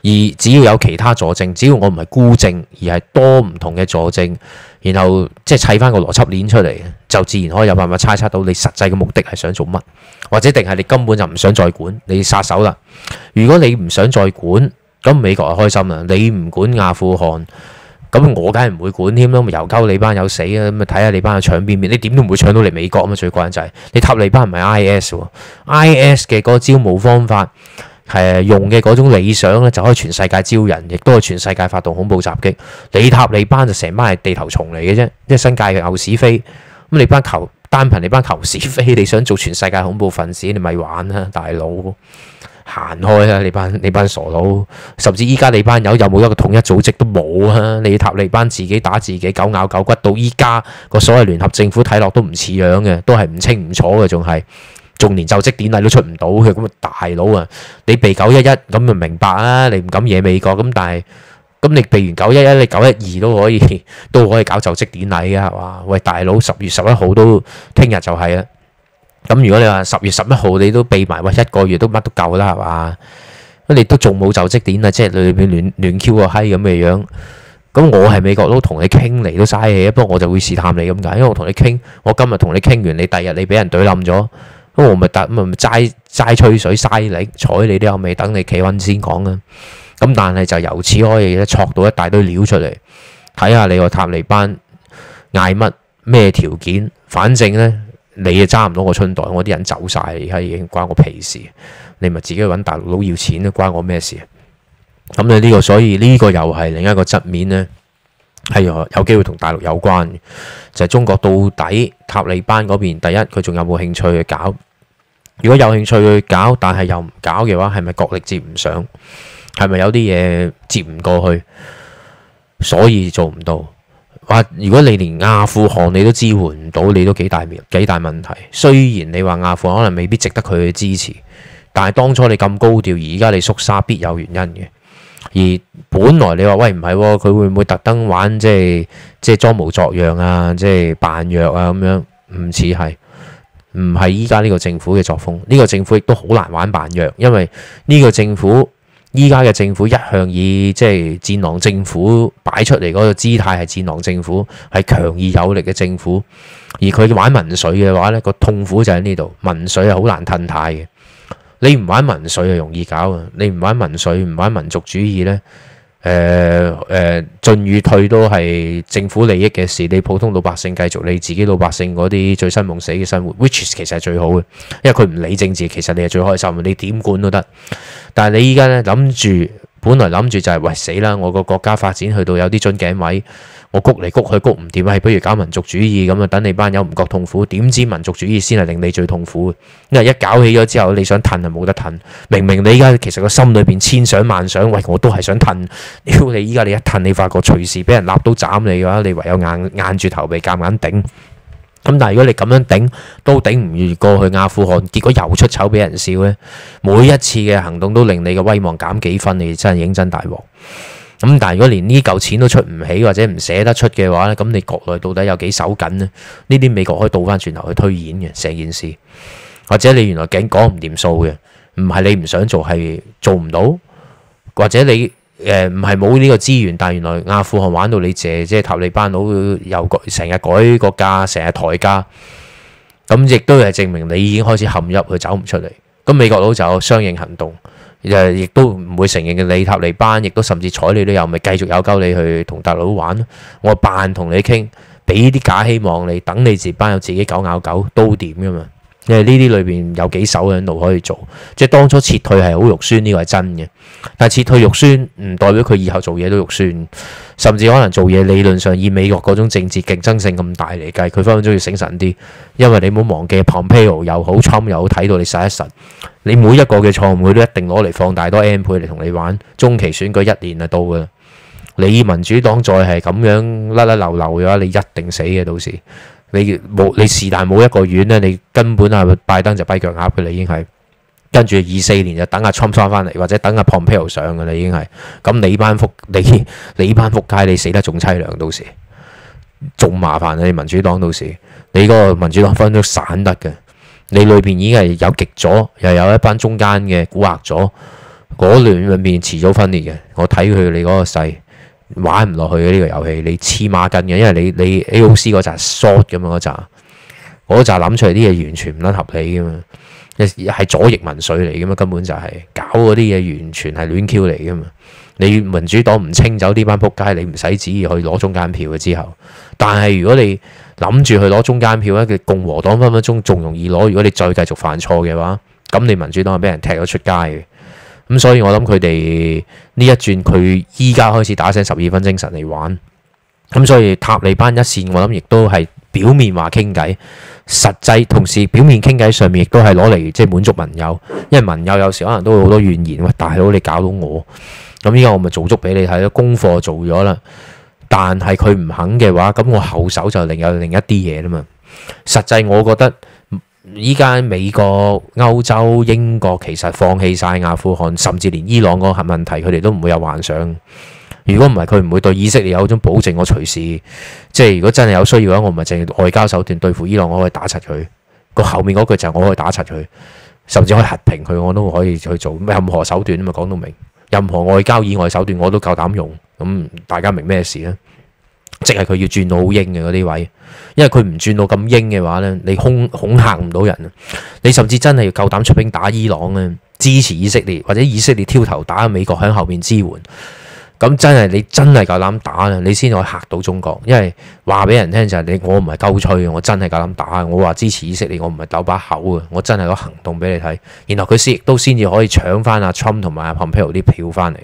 而只要有其他佐證，只要我唔係孤證，而係多唔同嘅佐證。然後即係砌翻個邏輯鏈出嚟，就自然可以有辦法猜測到你實際嘅目的係想做乜，或者定係你根本就唔想再管，你撒手啦。如果你唔想再管，咁美國就開心啦。你唔管阿富汗，咁我梗係唔會管添啦。咪由溝你班友死啊，咪睇下你班友搶邊邊，你點都唔會搶到嚟美國啊嘛。最關鍵就係、是、你塔利班唔係 I S，I S 嘅嗰個招募方法。係、啊、用嘅嗰種理想咧，就可以全世界招人，亦都係全世界發動恐怖襲擊。你塔利班就成班係地頭蟲嚟嘅啫，即新界嘅牛屎飛。咁你班球單憑你班球屎飛，你想做全世界恐怖分子，你咪玩啊大佬！行開啊！你班你班傻佬。甚至依家你班友有冇一個統一組織都冇啊！你塔利班自己打自己，狗咬狗骨，到依家，個所謂聯合政府睇落都唔似樣嘅，都係唔清唔楚嘅，仲係。仲連就職典禮都出唔到，佢咁嘅大佬啊！你避九一一咁咪明白啦？你唔敢惹美國咁，但係咁你避完九一一，你九一二都可以都可以搞就職典禮嘅，係嘛？喂，大佬，十月十一號都聽日就係啦。咁如果你話十月十一號你都避埋，喂，一個月都乜都夠啦，係嘛？你都仲冇就職典禮，即係裏邊亂亂 Q 個閪咁嘅樣。咁我係美國都同你傾嚟都嘥氣，不過我就會試探你咁解，因為我同你傾，我今日同你傾完，你第日你俾人懟冧咗。我咪搭咪咪齋吹水、嘥嚟睬你啲口味，等你企穩先講啊！咁但係就由此可以咧，撮到一大堆料出嚟，睇下你個塔利班嗌乜咩條件。反正呢，你又揸唔到我春袋，我啲人走晒，而家已經關我屁事。你咪自己揾大陸佬要錢咯，關我咩事？咁你呢個所以呢個又係另一個側面呢，係有機會同大陸有關。就係、係、中國到底塔利班嗰邊，第一佢仲有冇興趣去搞？如果有興趣去搞，但係又唔搞嘅話，係咪角力接唔上？係咪有啲嘢接唔過去，所以做唔到？話如果你連阿富汗你都支援唔到，你都幾大面幾大問題。雖然你話亞富可能未必值得佢去支持，但係當初你咁高調，而家你縮沙必有原因嘅。而本來你話喂唔係喎，佢、哦、會唔會特登玩即係即係裝模作樣啊，即係扮弱啊咁樣？唔似係。唔係依家呢個政府嘅作風，呢、這個政府亦都好難玩扮弱，因為呢個政府依家嘅政府一向以即係、就是、戰狼政府擺出嚟嗰個姿態係戰狼政府，係強而有力嘅政府。而佢玩民粹嘅話呢、這個痛苦就喺呢度，民粹係好難褪態嘅。你唔玩民粹就容易搞啊！你唔玩民粹，唔玩民族主義呢。誒誒，進與、uh, uh, 退都係政府利益嘅事。你普通老百姓繼續你自己老百姓嗰啲醉生夢死嘅生活，which is 其實係最好嘅，因為佢唔理政治，其實你係最開心，你點管都得。但係你依家咧諗住，本來諗住就係、是、喂死啦，我個國家發展去到有啲樽頸位。我谷嚟谷去谷唔掂啊！係不如搞民族主義咁啊，等你班友唔覺痛苦，點知民族主義先係令你最痛苦？因為一搞起咗之後，你想褪就冇得褪。明明你依家其實個心裏邊千想萬想，喂，我都係想褪。屌你依家你一褪，你發覺隨時俾人立刀斬你嘅話，你唯有硬硬住頭皮夾硬頂。咁但係如果你咁樣頂，都頂唔住過去阿富汗，結果又出醜俾人笑呢。每一次嘅行動都令你嘅威望減幾分，你真係認真大鑊。咁但係如果連呢嚿錢都出唔起，或者唔捨得出嘅話咧，咁你國內到底有幾手緊咧？呢啲美國可以倒翻轉頭去推演嘅成件事，或者你原來竟講唔掂數嘅，唔係你唔想做係做唔到，或者你誒，唔係冇呢個資源，但原來阿富汗玩到你借，即係塔利班佬又成日改個價，成日抬價，咁亦都係證明你已經開始陷入佢走唔出嚟。咁美國佬就有相應行動。亦都唔會承認你塔利班，亦都甚至睬你都有，咪繼續有鳩你去同大佬玩咯。我扮同你傾，畀啲假希望你，等你自班友自己狗咬狗，都掂噶嘛？因為呢啲裏邊有幾手喺度可以做，即係當初撤退係好肉酸，呢個係真嘅。但係撤退肉酸唔代表佢以後做嘢都肉酸，甚至可能做嘢理論上以美國嗰種政治競爭性咁大嚟計，佢分分鐘要醒神啲。因為你唔好忘記，Pompeo 又好，Trump 又好，睇到你實一實，你每一個嘅錯誤佢都一定攞嚟放大多 N 倍嚟同你玩。中期選舉一年就到㗎，你民主黨再係咁樣甩甩流流嘅話，你一定死嘅到時。你冇你是但冇一個院咧，你根本係拜登就跛腳鴨嘅啦，已經係。跟住二四年就等阿川普翻嚟，或者等阿蓬佩奧上嘅啦，已經係。咁你班福你你班福街，你死得仲淒涼，到時仲麻煩你民主黨到時，你嗰個民主黨分都散得嘅，你裏邊已經係有極左，又有一班中間嘅蠱惑咗，嗰亂亂面遲早分裂嘅。我睇佢你嗰個勢。玩唔落去嘅，呢個遊戲，你黐孖筋嘅，因為你你 AOC 嗰扎 short 噶嘛，嗰扎，嗰紮諗出嚟啲嘢完全唔捻合理噶嘛，係左翼民粹嚟噶嘛，根本就係搞嗰啲嘢完全係亂 Q 嚟噶嘛。你民主黨唔清走呢班仆街，你唔使旨意去攞中間票嘅之後，但係如果你諗住去攞中間票咧，佢共和黨分分鐘仲容易攞。如果你再繼續犯錯嘅話，咁你民主黨係俾人踢咗出街嘅。咁所以我諗佢哋呢一轉佢依家開始打醒十二分精神嚟玩，咁所以塔利班一線我諗亦都係表面話傾偈，實際同時表面傾偈上面亦都係攞嚟即係滿足民友，因為民友有時可能都會好多怨言，喂，大佬你搞到我，咁依家我咪做足俾你睇，功課做咗啦，但係佢唔肯嘅話，咁我後手就另有另一啲嘢啦嘛，實際我覺得。依家美國、歐洲、英國其實放棄晒阿富汗，甚至連伊朗個核問題，佢哋都唔會有幻想。如果唔係，佢唔會對以色列有一種保證。我隨時即係，如果真係有需要嘅話，我咪淨係外交手段對付伊朗，我可以打柒佢。個後面嗰句就係我可以打柒佢，甚至可以核平佢，我都可以去做。任何手段啊嘛，講到明，任何外交以外手段我都夠膽用。咁大家明咩事咧？即係佢要轉到好英嘅嗰啲位，因為佢唔轉到咁英嘅話呢，你恐恐嚇唔到人。你甚至真係要夠膽出兵打伊朗咧，支持以色列或者以色列挑頭打美國喺後邊支援。咁真係你真係夠膽打啊，你先可以嚇到中國。因為話俾人聽就係你，我唔係鳩吹，我真係夠膽打。我話支持以色列，我唔係鬥把口啊，我真係攞行動俾你睇。然後佢先都先至可以搶翻阿 Trump 同埋阿 Pompeo 啲票翻嚟。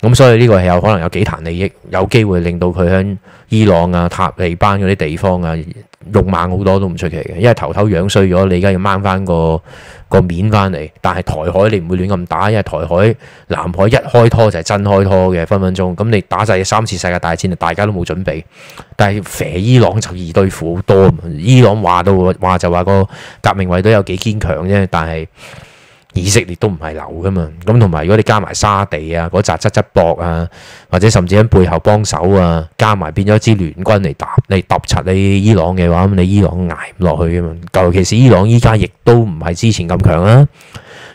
咁所以呢個係有可能有幾壇利益，有機會令到佢喺伊朗啊、塔利班嗰啲地方啊，肉猛好多都唔出奇嘅。因為頭頭樣衰咗，你而家要掹翻個個面翻嚟。但係台海你唔會亂咁打，因為台海、南海一開拖就係真開拖嘅，分分鐘。咁你打晒三次世界大戰，大家都冇準備。但係肥伊朗就易對付好多。伊朗話到話就話個革命衛隊都有幾堅強啫，但係。以色列都唔係流噶嘛，咁同埋如果你加埋沙地啊，嗰扎側側膊啊，或者甚至喺背後幫手啊，加埋變咗一支聯軍嚟揼，你揼柒你伊朗嘅話，咁你伊朗捱唔落去噶嘛？尤其是伊朗依家亦都唔係之前咁強啊。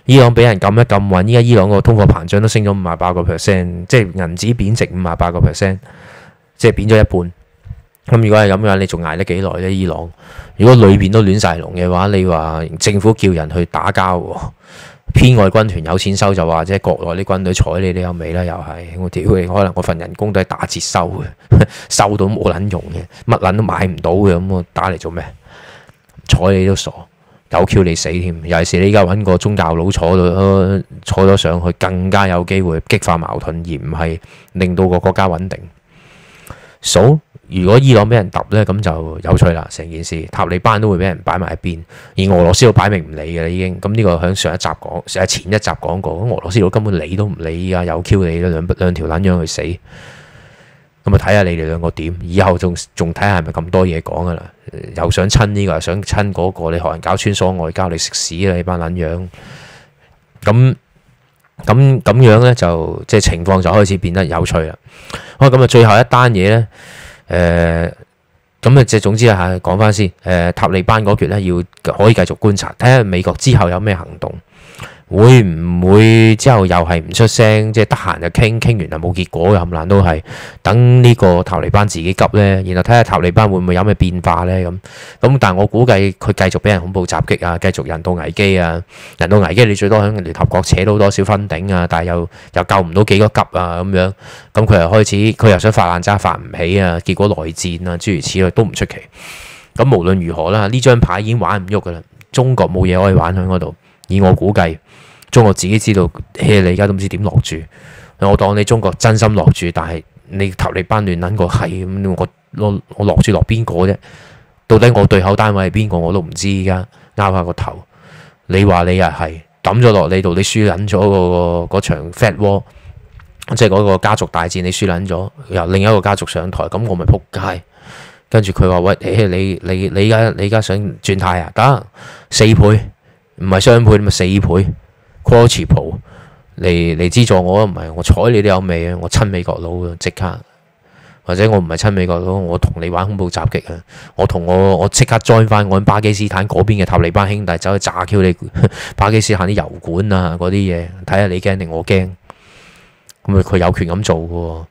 伊朗俾人撳一撳運，依家伊朗個通貨膨脹都升咗五十八個 percent，即係銀紙貶值五十八個 percent，即係貶咗一半。咁、嗯、如果係咁嘅話，你仲挨得幾耐咧？伊朗如果裏邊都亂晒龍嘅話，你話政府叫人去打交，編外軍團有錢收就話啫。國內啲軍隊睬你，都有味啦，又係我屌你，可能我份人工都係打折收 收到冇撚用嘅，乜撚都買唔到嘅，咁我打嚟做咩？睬你都傻，又 Q 你死添。尤其是你依家搵個宗教佬坐到、呃，坐咗上去，更加有機會激化矛盾，而唔係令到個國家穩定。數、so。如果伊朗俾人揼呢，咁就有趣啦。成件事塔利班都會俾人擺埋一邊，而俄羅斯又擺明唔理嘅啦。已經咁呢、這個喺上一集講，即係前一集講過。咁俄羅斯佬根本理都唔理啊，有 Q 你啦，兩兩條撚樣去死咁啊！睇下你哋兩個點，以後仲仲睇下係咪咁多嘢講噶啦？又想親呢、這個，又想親嗰、那個，你學人搞穿梭外交，你食屎啦！你班撚樣咁咁咁樣咧，就即係情況就開始變得有趣啦。好咁啊，最後一單嘢呢。誒咁啊！即係、呃、總之啊嚇，講翻先。誒、呃、塔利班嗰橛咧，要可以繼續觀察，睇下美國之後有咩行動。會唔會之後又係唔出聲？即係得閒就傾，傾完就冇結果，冚 𠾴 唥都係等呢個塔利班自己急呢？然後睇下塔利班會唔會有咩變化呢？咁咁。但係我估計佢繼續俾人恐怖襲擊啊，繼續人道危機啊，人道危機你最多喺人哋塔國扯到多少分頂啊，但係又又救唔到幾個急啊咁樣，咁佢又開始佢又想發爛渣發唔起啊，結果內戰啊，諸如此類都唔出奇。咁無論如何啦，呢張牌已經玩唔喐噶啦，中國冇嘢可以玩喺嗰度，以我估計。中國自己知道，嘿，你而家都唔知點落注。我當你中國真心落注，但係你塔利班亂捻個係咁，我攞我落注落邊個啫？到底我對口單位係邊個我都唔知。而家啱下個頭，你話你又係抌咗落你度，你輸捻咗個嗰場 fat 窩，即係嗰個家族大戰，你輸捻咗又另一個家族上台，咁我咪撲街。跟住佢話喂，你你你而家你而家想轉態啊？得四倍，唔係雙倍咪四倍。c r o s s p o l，你你資助我？啊唔係我睬你都有味啊！我親美國佬啊，即刻，或者我唔係親美國佬，我同你玩恐怖襲擊啊！我同我我即刻 join 翻我喺巴基斯坦嗰邊嘅塔利班兄弟，走去炸 Q 你巴基斯坦啲油管啊、嗰啲嘢，睇下你驚定我驚？咁啊，佢有權咁做嘅喎。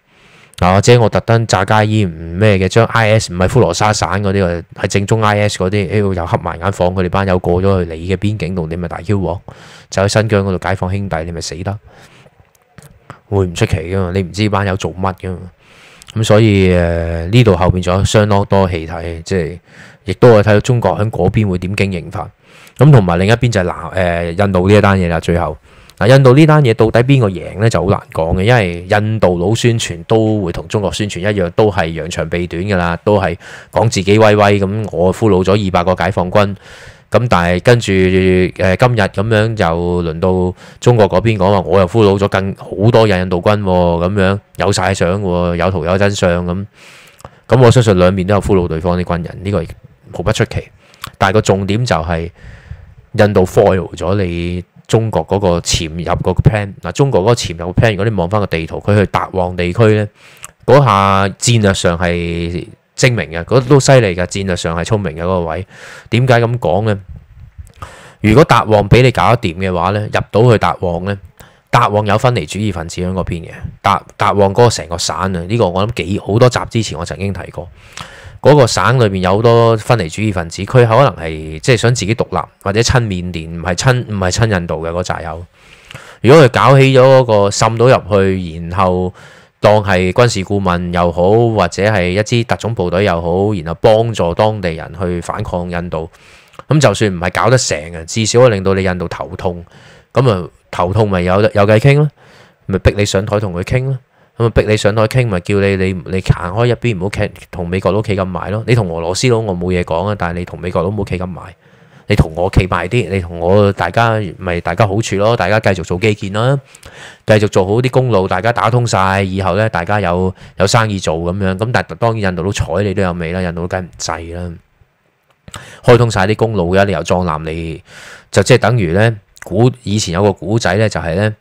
嗱，即係、啊、我特登炸街衣唔咩嘅，將 I S 唔係呼羅珊省嗰啲啊，係正宗 I S 嗰啲，哎，又黑埋眼放，佢哋班友過咗去你嘅邊境度，你咪大 Q 喎！就喺新疆嗰度解放兄弟，你咪死得，會唔出奇噶嘛？你唔知班友做乜噶嘛？咁所以誒呢度後邊仲有相當多戲睇，即係亦都係睇到中國喺嗰邊會點經營法。咁同埋另一邊就係嗱誒印度呢一單嘢啦，最後。印度呢單嘢到底邊個贏呢？就好難講嘅，因為印度佬宣傳都會同中國宣傳一樣，都係揚長避短嘅啦，都係講自己威威咁，我俘虜咗二百個解放軍，咁但係跟住誒今日咁樣就輪到中國嗰邊講話，我又俘虜咗更好多人印度軍喎，咁樣有晒相喎，有圖有真相咁，咁我相信兩面都有俘虜對方啲軍人，呢個毫不出奇，但係個重點就係印度 fire 咗你。中國嗰個潛入個 plan 嗱，中國嗰個潛入 plan，如果你望翻個地圖，佢去達旺地區呢，嗰下戰略上係精明嘅，嗰度都犀利噶，戰略上係聰明嘅嗰個位，點解咁講呢？如果達旺俾你搞得掂嘅話呢，入到去達旺呢，達旺有分離主義分子喺嗰邊嘅達，達旺嗰個成個省啊。呢個我諗幾好多集之前我曾經提過。嗰個省裏面有好多分離主義分子，佢可能係即係想自己獨立，或者親緬甸，唔係親唔係親印度嘅嗰扎友。如果佢搞起咗嗰個滲到入去，然後當係軍事顧問又好，或者係一支特種部隊又好，然後幫助當地人去反抗印度，咁就算唔係搞得成嘅，至少可以令到你印度頭痛。咁啊頭痛咪有有計傾咯，咪逼你上台同佢傾咯。咁逼你上台傾，咪叫你你你行開一邊，唔好企同美國佬企咁埋咯。你同俄羅斯佬我冇嘢講啊，但係你同美國佬冇企咁埋。你同我企埋啲，你同我大家咪大家好處咯。大家繼續做基建啦，繼續做好啲公路，大家打通晒。以後呢，大家有有生意做咁樣。咁但當然印度佬睬你都有味啦，印度佬梗係唔制啦。開通晒啲公路嘅，你又藏南嚟，你就即係等於呢。古以前有個古仔呢，就係呢。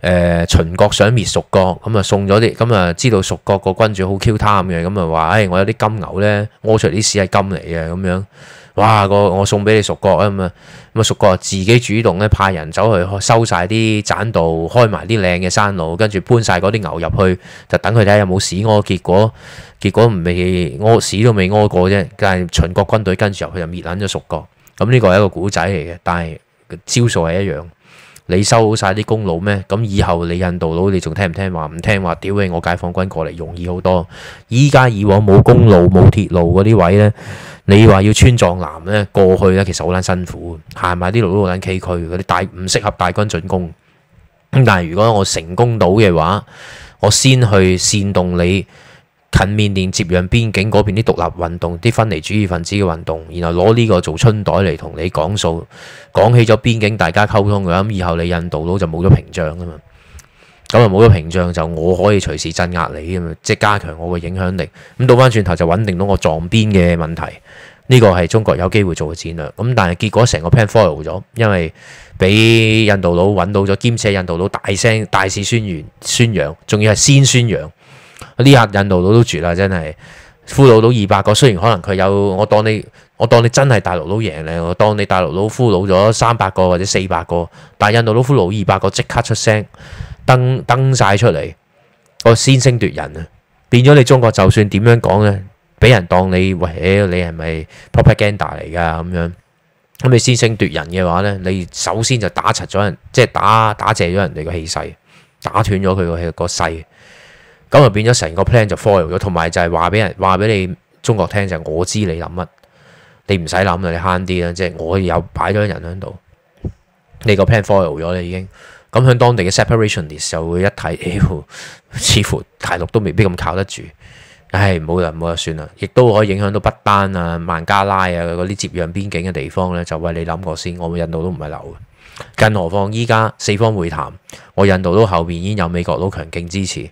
誒、呃、秦國想滅蜀國，咁、嗯、啊送咗啲，咁、嗯、啊知道蜀國個君主好 Q 貪咁嘅，咁啊話，誒、哎、我有啲金牛咧，屙出嚟啲屎係金嚟嘅，咁樣，哇個我送俾你蜀國啊，咁、嗯、啊，咁啊蜀國自己主動咧派人走去收晒啲棧道，開埋啲靚嘅山路，跟住搬晒嗰啲牛入去，就等佢睇下有冇屎屙，結果結果唔未屙屎都未屙過啫，但係秦國軍隊跟住入去就滅撚咗蜀國，咁、嗯、呢、這個係一個古仔嚟嘅，但係招數係一樣。你修好曬啲公路咩？咁以後你印度佬你仲聽唔聽話？唔聽話？屌喂！我解放軍過嚟容易好多。依家以往冇公路冇鐵路嗰啲位呢，你話要穿藏南呢，過去呢其實好撚辛苦，行埋啲路都好撚崎嶇，嗰啲大唔適合大軍進攻。咁但係如果我成功到嘅話，我先去煽動你。近面連接壤邊境嗰邊啲獨立運動，啲分離主義分子嘅運動，然後攞呢個做春袋嚟同你講數，講起咗邊境大家溝通嘅，咁以後你印度佬就冇咗屏障噶嘛，咁啊冇咗屏障就我可以隨時鎮壓你㗎嘛，即係加強我嘅影響力，咁倒翻轉頭就穩定到我撞邊嘅問題，呢個係中國有機會做嘅戰略，咁但係結果成個 plan follow 咗，因為俾印度佬揾到咗，兼且印度佬大聲大肆宣揚，宣揚，仲要係先宣揚。呢下印度佬都絕啦，真係，俘虜佬二百個，雖然可能佢有，我當你，我當你真係大陸佬贏你，我當你大陸佬俘虜咗三百個或者四百個，但係印度佬俘虜二百個即刻出聲，登登晒出嚟，個先聲奪人啊！變咗你中國就算點樣講咧，俾人當你喂，你係咪 propaganda 嚟噶咁樣？咁你先聲奪人嘅話咧，你首先就打柒咗人，即係打打借咗人哋個氣勢，打斷咗佢個個勢。咁就變咗成個 plan 就 foil 咗，同埋就係話俾人話俾你中國聽就係、是、我知你諗乜，你唔使諗啦，你慳啲啦，即、就、係、是、我有擺咗人喺度，你個 plan foil 咗你已經。咁喺當地嘅 separation list 就會一睇、哎，似乎大陸都未必咁靠得住。唉，冇啦，冇啦，算啦，亦都可以影響到不丹啊、孟加拉啊嗰啲接壤邊境嘅地方咧，就餵你諗過先，我印度都唔係流，更何況依家四方會談，我印度都後邊已經有美國佬強勁支持。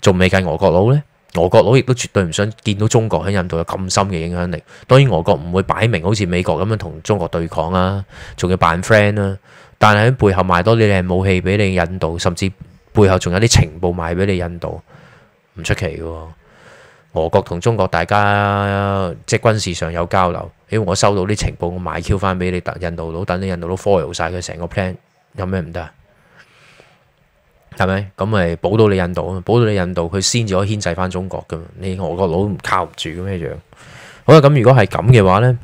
仲未計俄國佬呢？俄國佬亦都絕對唔想見到中國喺印度有咁深嘅影響力。當然俄國唔會擺明好似美國咁樣同中國對抗啊，仲要扮 friend 啦。但係喺背後賣多啲靚武器俾你印度，甚至背後仲有啲情報賣俾你印度，唔出奇嘅喎、哦。俄國同中國大家即係軍事上有交流，因、欸、為我收到啲情報，我賣 Q 翻俾你，印度佬等你印度佬 follow 晒佢成個 plan，有咩唔得啊？係咪？咁咪保到你印度啊！保到你印度，佢先至可牽制翻中國噶嘛？你俄國佬唔靠唔住嘅咩樣？好啦，咁如果係咁嘅話咧，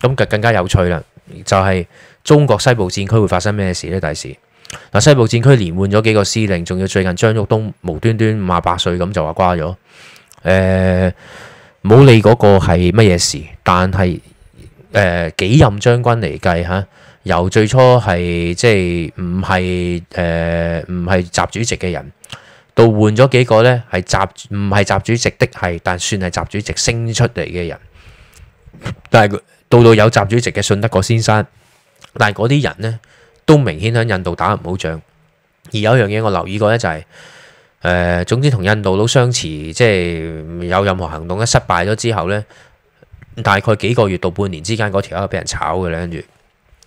咁就更加有趣啦。就係、是、中國西部戰區會發生咩事咧？第時嗱，西部戰區連換咗幾個司令，仲要最近張旭東無端端五十八歲咁就話瓜咗。誒、呃，冇理嗰個係乜嘢事，但係誒、呃、幾任將軍嚟計吓。由最初係即係唔係誒唔係習主席嘅人，到換咗幾個咧係習唔係習主席的係，但算係習主席升出嚟嘅人。但係到到有習主席嘅信德國先生，但係嗰啲人呢都明顯喺印度打唔好仗。而有一樣嘢我留意過呢，就係、是、誒、呃、總之同印度佬相持，即係有任何行動一失敗咗之後呢，大概幾個月到半年之間嗰條友俾人炒嘅咧，跟住。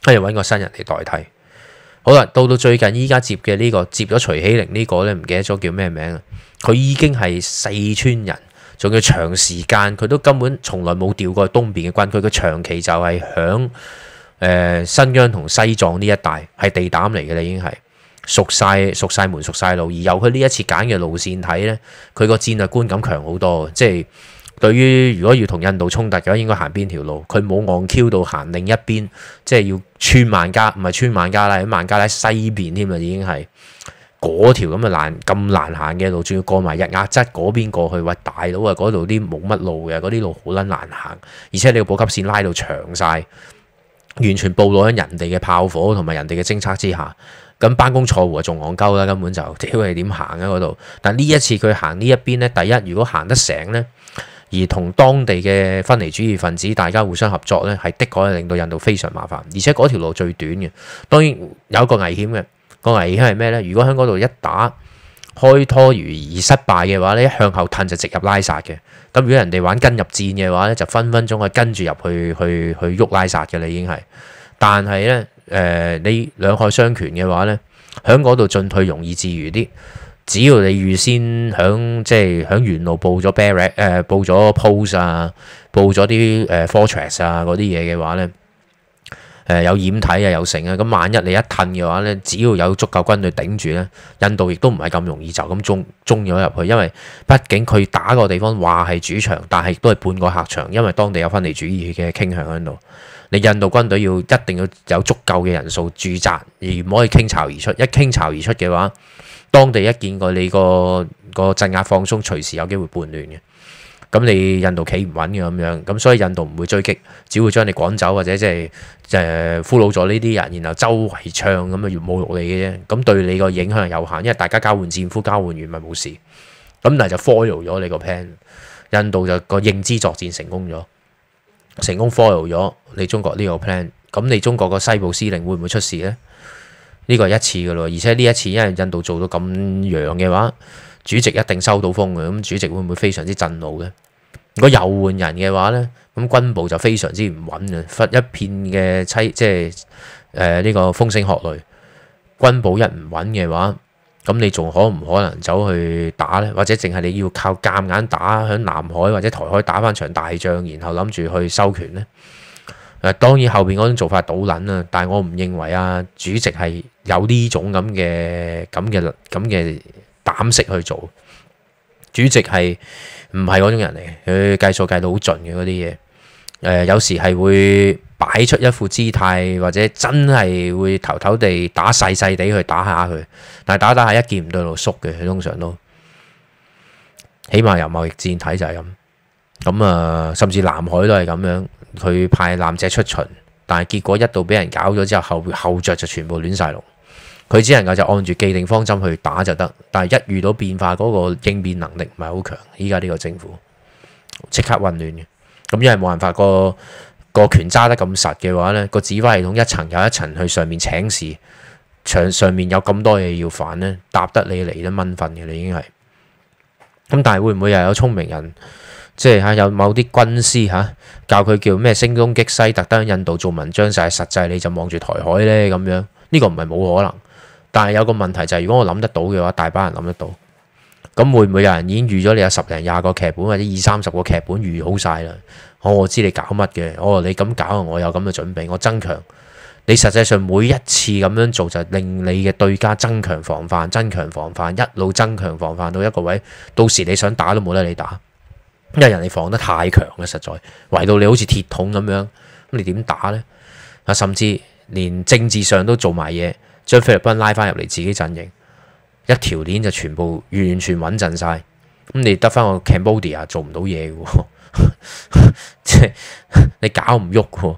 不如揾個新人嚟代替，好啦，到到最近依家接嘅呢個接咗徐喜玲呢個咧，唔記得咗叫咩名啊？佢已經係四川人，仲要長時間，佢都根本從來冇調過東邊嘅軍區，佢個長期就係響誒新疆同西藏呢一帶，係地膽嚟嘅啦，已經係熟晒熟晒門熟晒路，而由佢呢一次揀嘅路線睇呢，佢個戰略觀感強好多，即係。對於如果要同印度衝突嘅話，應該行邊條路？佢冇戇 Q 到行另一邊，即係要穿萬嘉，唔係穿萬嘉啦，喺萬嘉喺西邊添啦，已經係嗰條咁嘅難咁難行嘅路，仲要過埋日喀則嗰邊過去，喂大佬啊，嗰度啲冇乜路嘅，嗰啲路好撚難行，而且你要補給線拉到長晒，完全暴露喺人哋嘅炮火同埋人哋嘅偵測之下。咁班公錯湖啊，仲戇鳩啦，根本就屌你點行啊嗰度！但呢一次佢行呢一邊呢，第一如果行得醒呢。而同當地嘅分離主義分子大家互相合作呢，係的確係令到印度非常麻煩，而且嗰條路最短嘅。當然有一個危險嘅，個危險係咩呢？如果喺嗰度一打開拖如而失敗嘅話，一向後褪，就直入拉薩嘅。咁如果人哋玩跟入戰嘅話呢，就分分鐘係跟住入去去去喐拉薩嘅啦，已經係。但係呢，誒、呃、你兩害相權嘅話呢喺嗰度進退容易自如啲。只要你預先喺即係喺沿路佈咗 barrack 誒佈咗 post 啊，佈咗啲誒、呃、fortress 啊嗰啲嘢嘅話呢，誒有掩體啊，呃、有掩體有成啊。咁萬一你一褪嘅話呢，只要有足夠軍隊頂住呢，印度亦都唔係咁容易就咁中中咗入去。因為畢竟佢打個地方話係主場，但係亦都係半個客場，因為當地有分離主義嘅傾向喺度。你印度軍隊要一定要有足夠嘅人數駐紮，而唔可以傾巢而出。一傾巢而出嘅話，當地一見過你個個鎮壓放鬆，隨時有機會叛亂嘅，咁你印度企唔穩嘅咁樣，咁所以印度唔會追擊，只會將你趕走或者即係誒俘虜咗呢啲人，然後周圍唱咁啊越侮辱你嘅啫，咁對你個影響有限，因為大家交換戰俘、交換員咪冇事，咁但係就 follow 咗你個 plan，印度就個認知作戰成功咗，成功 follow 咗你中國呢個 plan，咁你中國個西部司令會唔會出事呢？呢個係一次嘅咯，而且呢一次因為印度做到咁樣嘅話，主席一定收到風嘅，咁主席會唔會非常之震怒呢？如果又換人嘅話呢，咁軍部就非常之唔穩嘅，忽一片嘅妻即係呢、呃呢個風聲鶴唳，軍部一唔穩嘅話，咁你仲可唔可能走去打呢？或者淨係你要靠夾硬，硬打喺南海，或者台海打翻場大仗，然後諗住去收權呢？誒、呃，當然後邊嗰種做法係賭撚啊！但係我唔認為啊，主席係。有呢種咁嘅咁嘅咁嘅膽識去做，主席係唔係嗰種人嚟？佢計數計到好盡嘅嗰啲嘢，誒有時係會擺出一副姿態，或者真係會頭頭地打細細地去打下佢，但係打打下一見唔對路縮嘅，佢通常都起碼由貿易戰睇就係咁，咁啊甚至南海都係咁樣，佢派艦隻出巡，但係結果一到俾人搞咗之後，後後著就全部亂晒龍。佢只能夠就按住既定方針去打就得，但係一遇到變化嗰、那個應變能力唔係好強。依家呢個政府即刻混亂嘅，咁、嗯、因為冇辦法、那個、那個權揸得咁實嘅話呢、那個指揮系統一層又一層去上面請示，上上面有咁多嘢要煩呢，答得你嚟都蚊瞓嘅啦，你已經係。咁、嗯、但係會唔會又有聰明人，即係吓有某啲軍師吓、啊、教佢叫咩聲東擊西，特登喺印度做文章，晒實際你就望住台海呢？咁樣？呢、這個唔係冇可能。但係有個問題就係、是，如果我諗得到嘅話，大把人諗得到。咁會唔會有人已經預咗你有十零廿個劇本或者二三十個劇本預好晒啦、哦？我知你搞乜嘅，我話、哦、你咁搞，我有咁嘅準備，我增強。你實際上每一次咁樣做，就令你嘅對家增強防範，增強防範，一路增強防範到一個位，到時你想打都冇得你打，因為人哋防得太強啦，實在圍到你好似鐵桶咁樣，咁你點打呢？啊，甚至連政治上都做埋嘢。將菲律賓拉翻入嚟自己陣營，一條鏈就全部完全穩陣晒。咁你得翻個 Cambodia 做唔到嘢嘅喎，即 係、就是、你搞唔喐喎。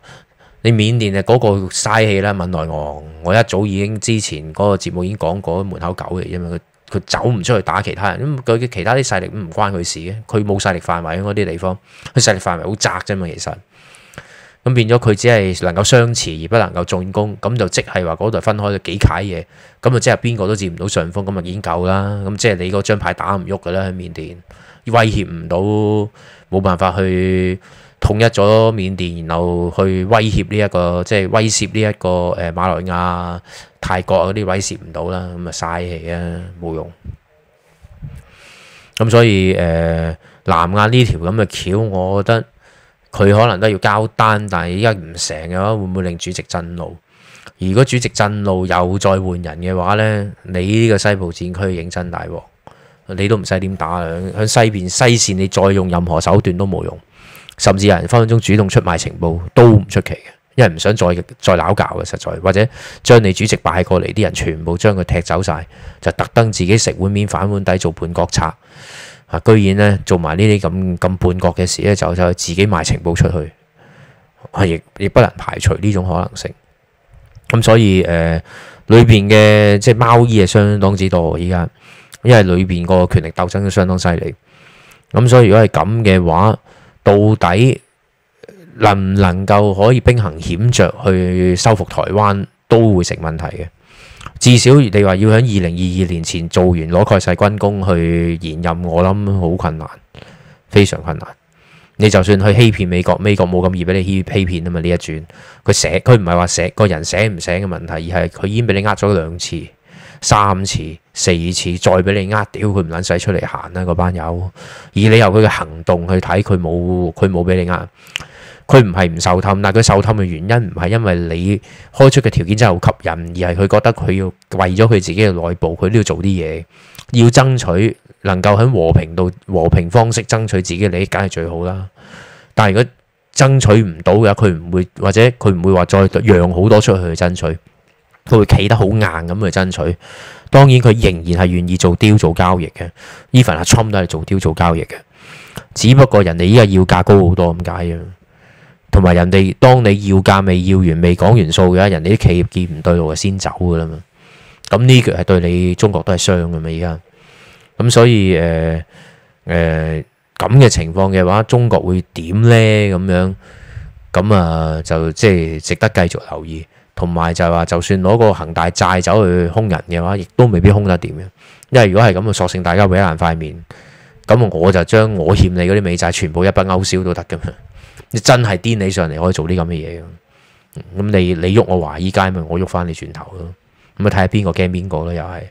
你緬甸啊嗰個嘥氣啦，敏昂萊，我一早已經之前嗰個節目已經講過，門口狗嚟啫嘛。佢走唔出去打其他人，咁佢其他啲勢力都唔關佢事嘅。佢冇勢力範圍嗰啲地方，佢勢力範圍好窄啫嘛，其實。咁變咗佢只係能夠相持而不能夠進攻，咁就即係話嗰度分開咗幾攋嘢，咁啊即係邊個都接唔到上風，咁啊已經夠啦？咁即係你嗰張牌打唔喐噶啦，喺緬甸威脅唔到，冇辦法去統一咗緬甸，然後去威脅呢、這、一個即係威脅呢、這、一個誒、呃、馬來亞、泰國嗰啲威脅唔到啦，咁啊嘥氣啊，冇用。咁所以誒、呃，南亞呢條咁嘅橋，我覺得。佢可能都要交單，但係依家唔成嘅話，會唔會令主席震怒？如果主席震怒又再換人嘅話呢，你呢個西部戰區認真大鑊，你都唔使點打啦。響西邊西線，你再用任何手段都冇用，甚至有人分分鐘主動出賣情報都唔出奇嘅，因為唔想再再鬧交嘅，實在或者將你主席擺過嚟，啲人全部將佢踢走晒，就特登自己食碗面、反碗底做叛國賊。啊！居然呢，做埋呢啲咁咁叛國嘅事咧，就就自己賣情報出去，係亦亦不能排除呢種可能性。咁、嗯、所以誒，裏邊嘅即係貓膩係相當之多依家，因為裏邊個權力鬥爭都相當犀利。咁、嗯、所以如果係咁嘅話，到底能唔能夠可以兵行險著去收復台灣，都會成問題嘅。至少你話要喺二零二二年前做完攞蓋世軍功去延任，我諗好困難，非常困難。你就算去欺騙美國，美國冇咁易俾你欺欺騙啊嘛！呢一轉，佢醒佢唔係話醒個人醒唔醒嘅問題，而係佢已經俾你呃咗兩次、三次、四次，再俾你呃，屌佢唔撚使出嚟行啦！嗰班友，以你由佢嘅行動去睇，佢冇佢冇俾你呃。佢唔係唔受氹，但係佢受氹嘅原因唔係因為你開出嘅條件真係好吸引，而係佢覺得佢要為咗佢自己嘅內部，佢都要做啲嘢，要爭取能夠喺和平度和平方式爭取自己嘅利益，梗係最好啦。但係如果爭取唔到嘅，佢唔會或者佢唔會話再讓好多出去去爭取，佢會企得好硬咁去爭取。當然佢仍然係願意做 deal 做交易嘅，even 阿 Trump 都係做 deal 做交易嘅，只不過人哋依家要價高好多咁解啫。同埋人哋，當你要價未要完，未講完數嘅，人哋啲企業見唔對路就先走噶啦嘛。咁呢個係對你中國都係傷噶嘛，而家。咁所以誒、誒、咁嘅情況嘅話，中國會點呢？咁樣咁啊，就即係值得繼續留意。同埋就係話，就算攞個恒大債走去兇人嘅話，亦都未必兇得點嘅。因為如果係咁啊，索性大家會一爛塊面，咁我就將我欠你嗰啲美債全部一筆勾銷都得嘅。你真係癲起上嚟，可以做啲咁嘅嘢咯。咁、嗯、你你喐我華爾街咪，我喐翻你轉頭咯。咁啊睇下邊個驚邊個咯，又係。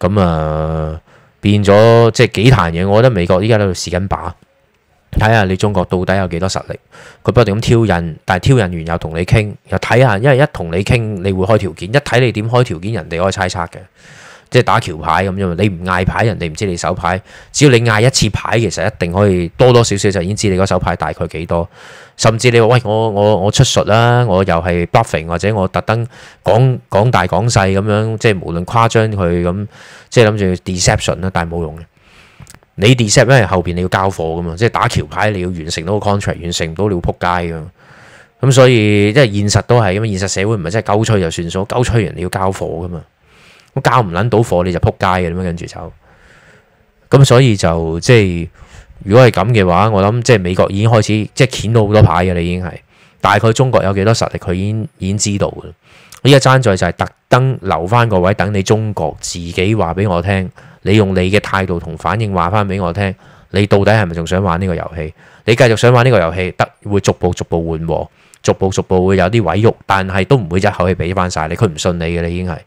咁啊、呃、變咗即係幾壇嘢。我覺得美國依家喺度試緊把，睇下你中國到底有幾多實力。佢不停咁挑釁，但係挑釁完又同你傾，又睇下。因為一同你傾，你會開條件；一睇你點開條件，人哋可以猜測嘅。即係打橋牌咁啫嘛，你唔嗌牌，人哋唔知你手牌。只要你嗌一次牌，其實一定可以多多少少就已經知你嗰手牌大概幾多。甚至你話喂，我我我出術啦，我又係 bluffing 或者我特登講講大講細咁樣，即係無論誇張佢咁，即係諗住 deception 啦，但係冇用嘅。你 deception 係後邊你要交貨噶嘛，即係打橋牌你要完成到個 contract，完成唔到你要撲街噶嘛。咁所以即係現實都係咁啊，現實社會唔係真係鳩吹就算數，鳩吹完你要交貨噶嘛。咁交唔捻到貨你就扑街嘅啦嘛，樣跟住就，咁所以就即係如果係咁嘅話，我諗即係美國已經開始即係掀到好多牌嘅，你已經係大概中國有幾多實力，佢已經已經知道嘅。呢個爭在就係特登留翻個位等你中國自己話俾我聽，你用你嘅態度同反應話翻俾我聽，你到底係咪仲想玩呢個遊戲？你繼續想玩呢個遊戲，得會逐步逐步緩和，逐步逐步會有啲委屈，但係都唔會一口氣俾翻曬你，佢唔信你嘅，你已經係。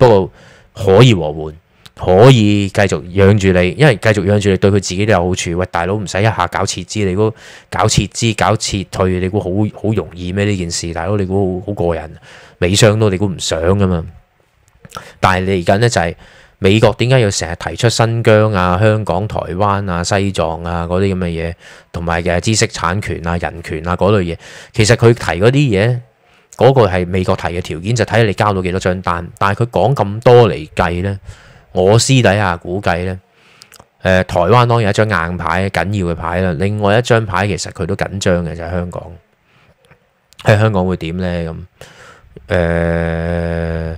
不過可以和緩，可以繼續養住你，因為繼續養住你對佢自己都有好處。喂，大佬唔使一下搞撤資，你估搞撤資、搞撤退，你估好好容易咩呢件事？大佬你估好，好過人，美商都你估唔想噶嘛？但係你而家呢，就係美國點解要成日提出新疆啊、香港、台灣啊、西藏啊嗰啲咁嘅嘢，同埋嘅知識產權啊、人權啊嗰類嘢，其實佢提嗰啲嘢。嗰個係美國提嘅條件，就睇下你交到幾多張單。但但係佢講咁多嚟計呢，我私底下估計呢、呃，台灣當然有一張硬牌緊要嘅牌啦。另外一張牌其實佢都緊張嘅，就係、是、香港。喺香港會點呢？咁誒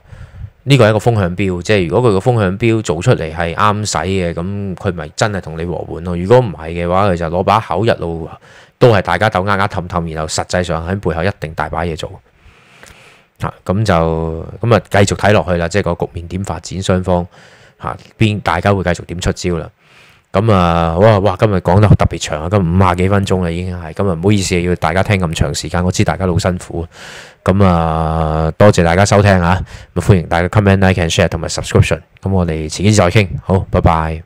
呢個係一個風向標。即係如果佢個風向標做出嚟係啱使嘅，咁佢咪真係同你和緩咯。如果唔係嘅話，佢就攞把口一路都係大家鬥啞啞氹氹，然後實際上喺背後一定大把嘢做。咁就咁啊，繼續睇落去啦，即係個局面點發展，雙方嚇邊、啊，大家會繼續點出招啦。咁啊，啊，哇哇，今日講得特別長啊，今五廿幾分鐘啦，已經係咁啊，唔好意思要大家聽咁長時間，我知大家好辛苦咁啊，多謝大家收聽啊，咁歡迎大家 comment、like and share 同埋 subscription。咁、啊、我哋遲啲再傾，好，拜拜。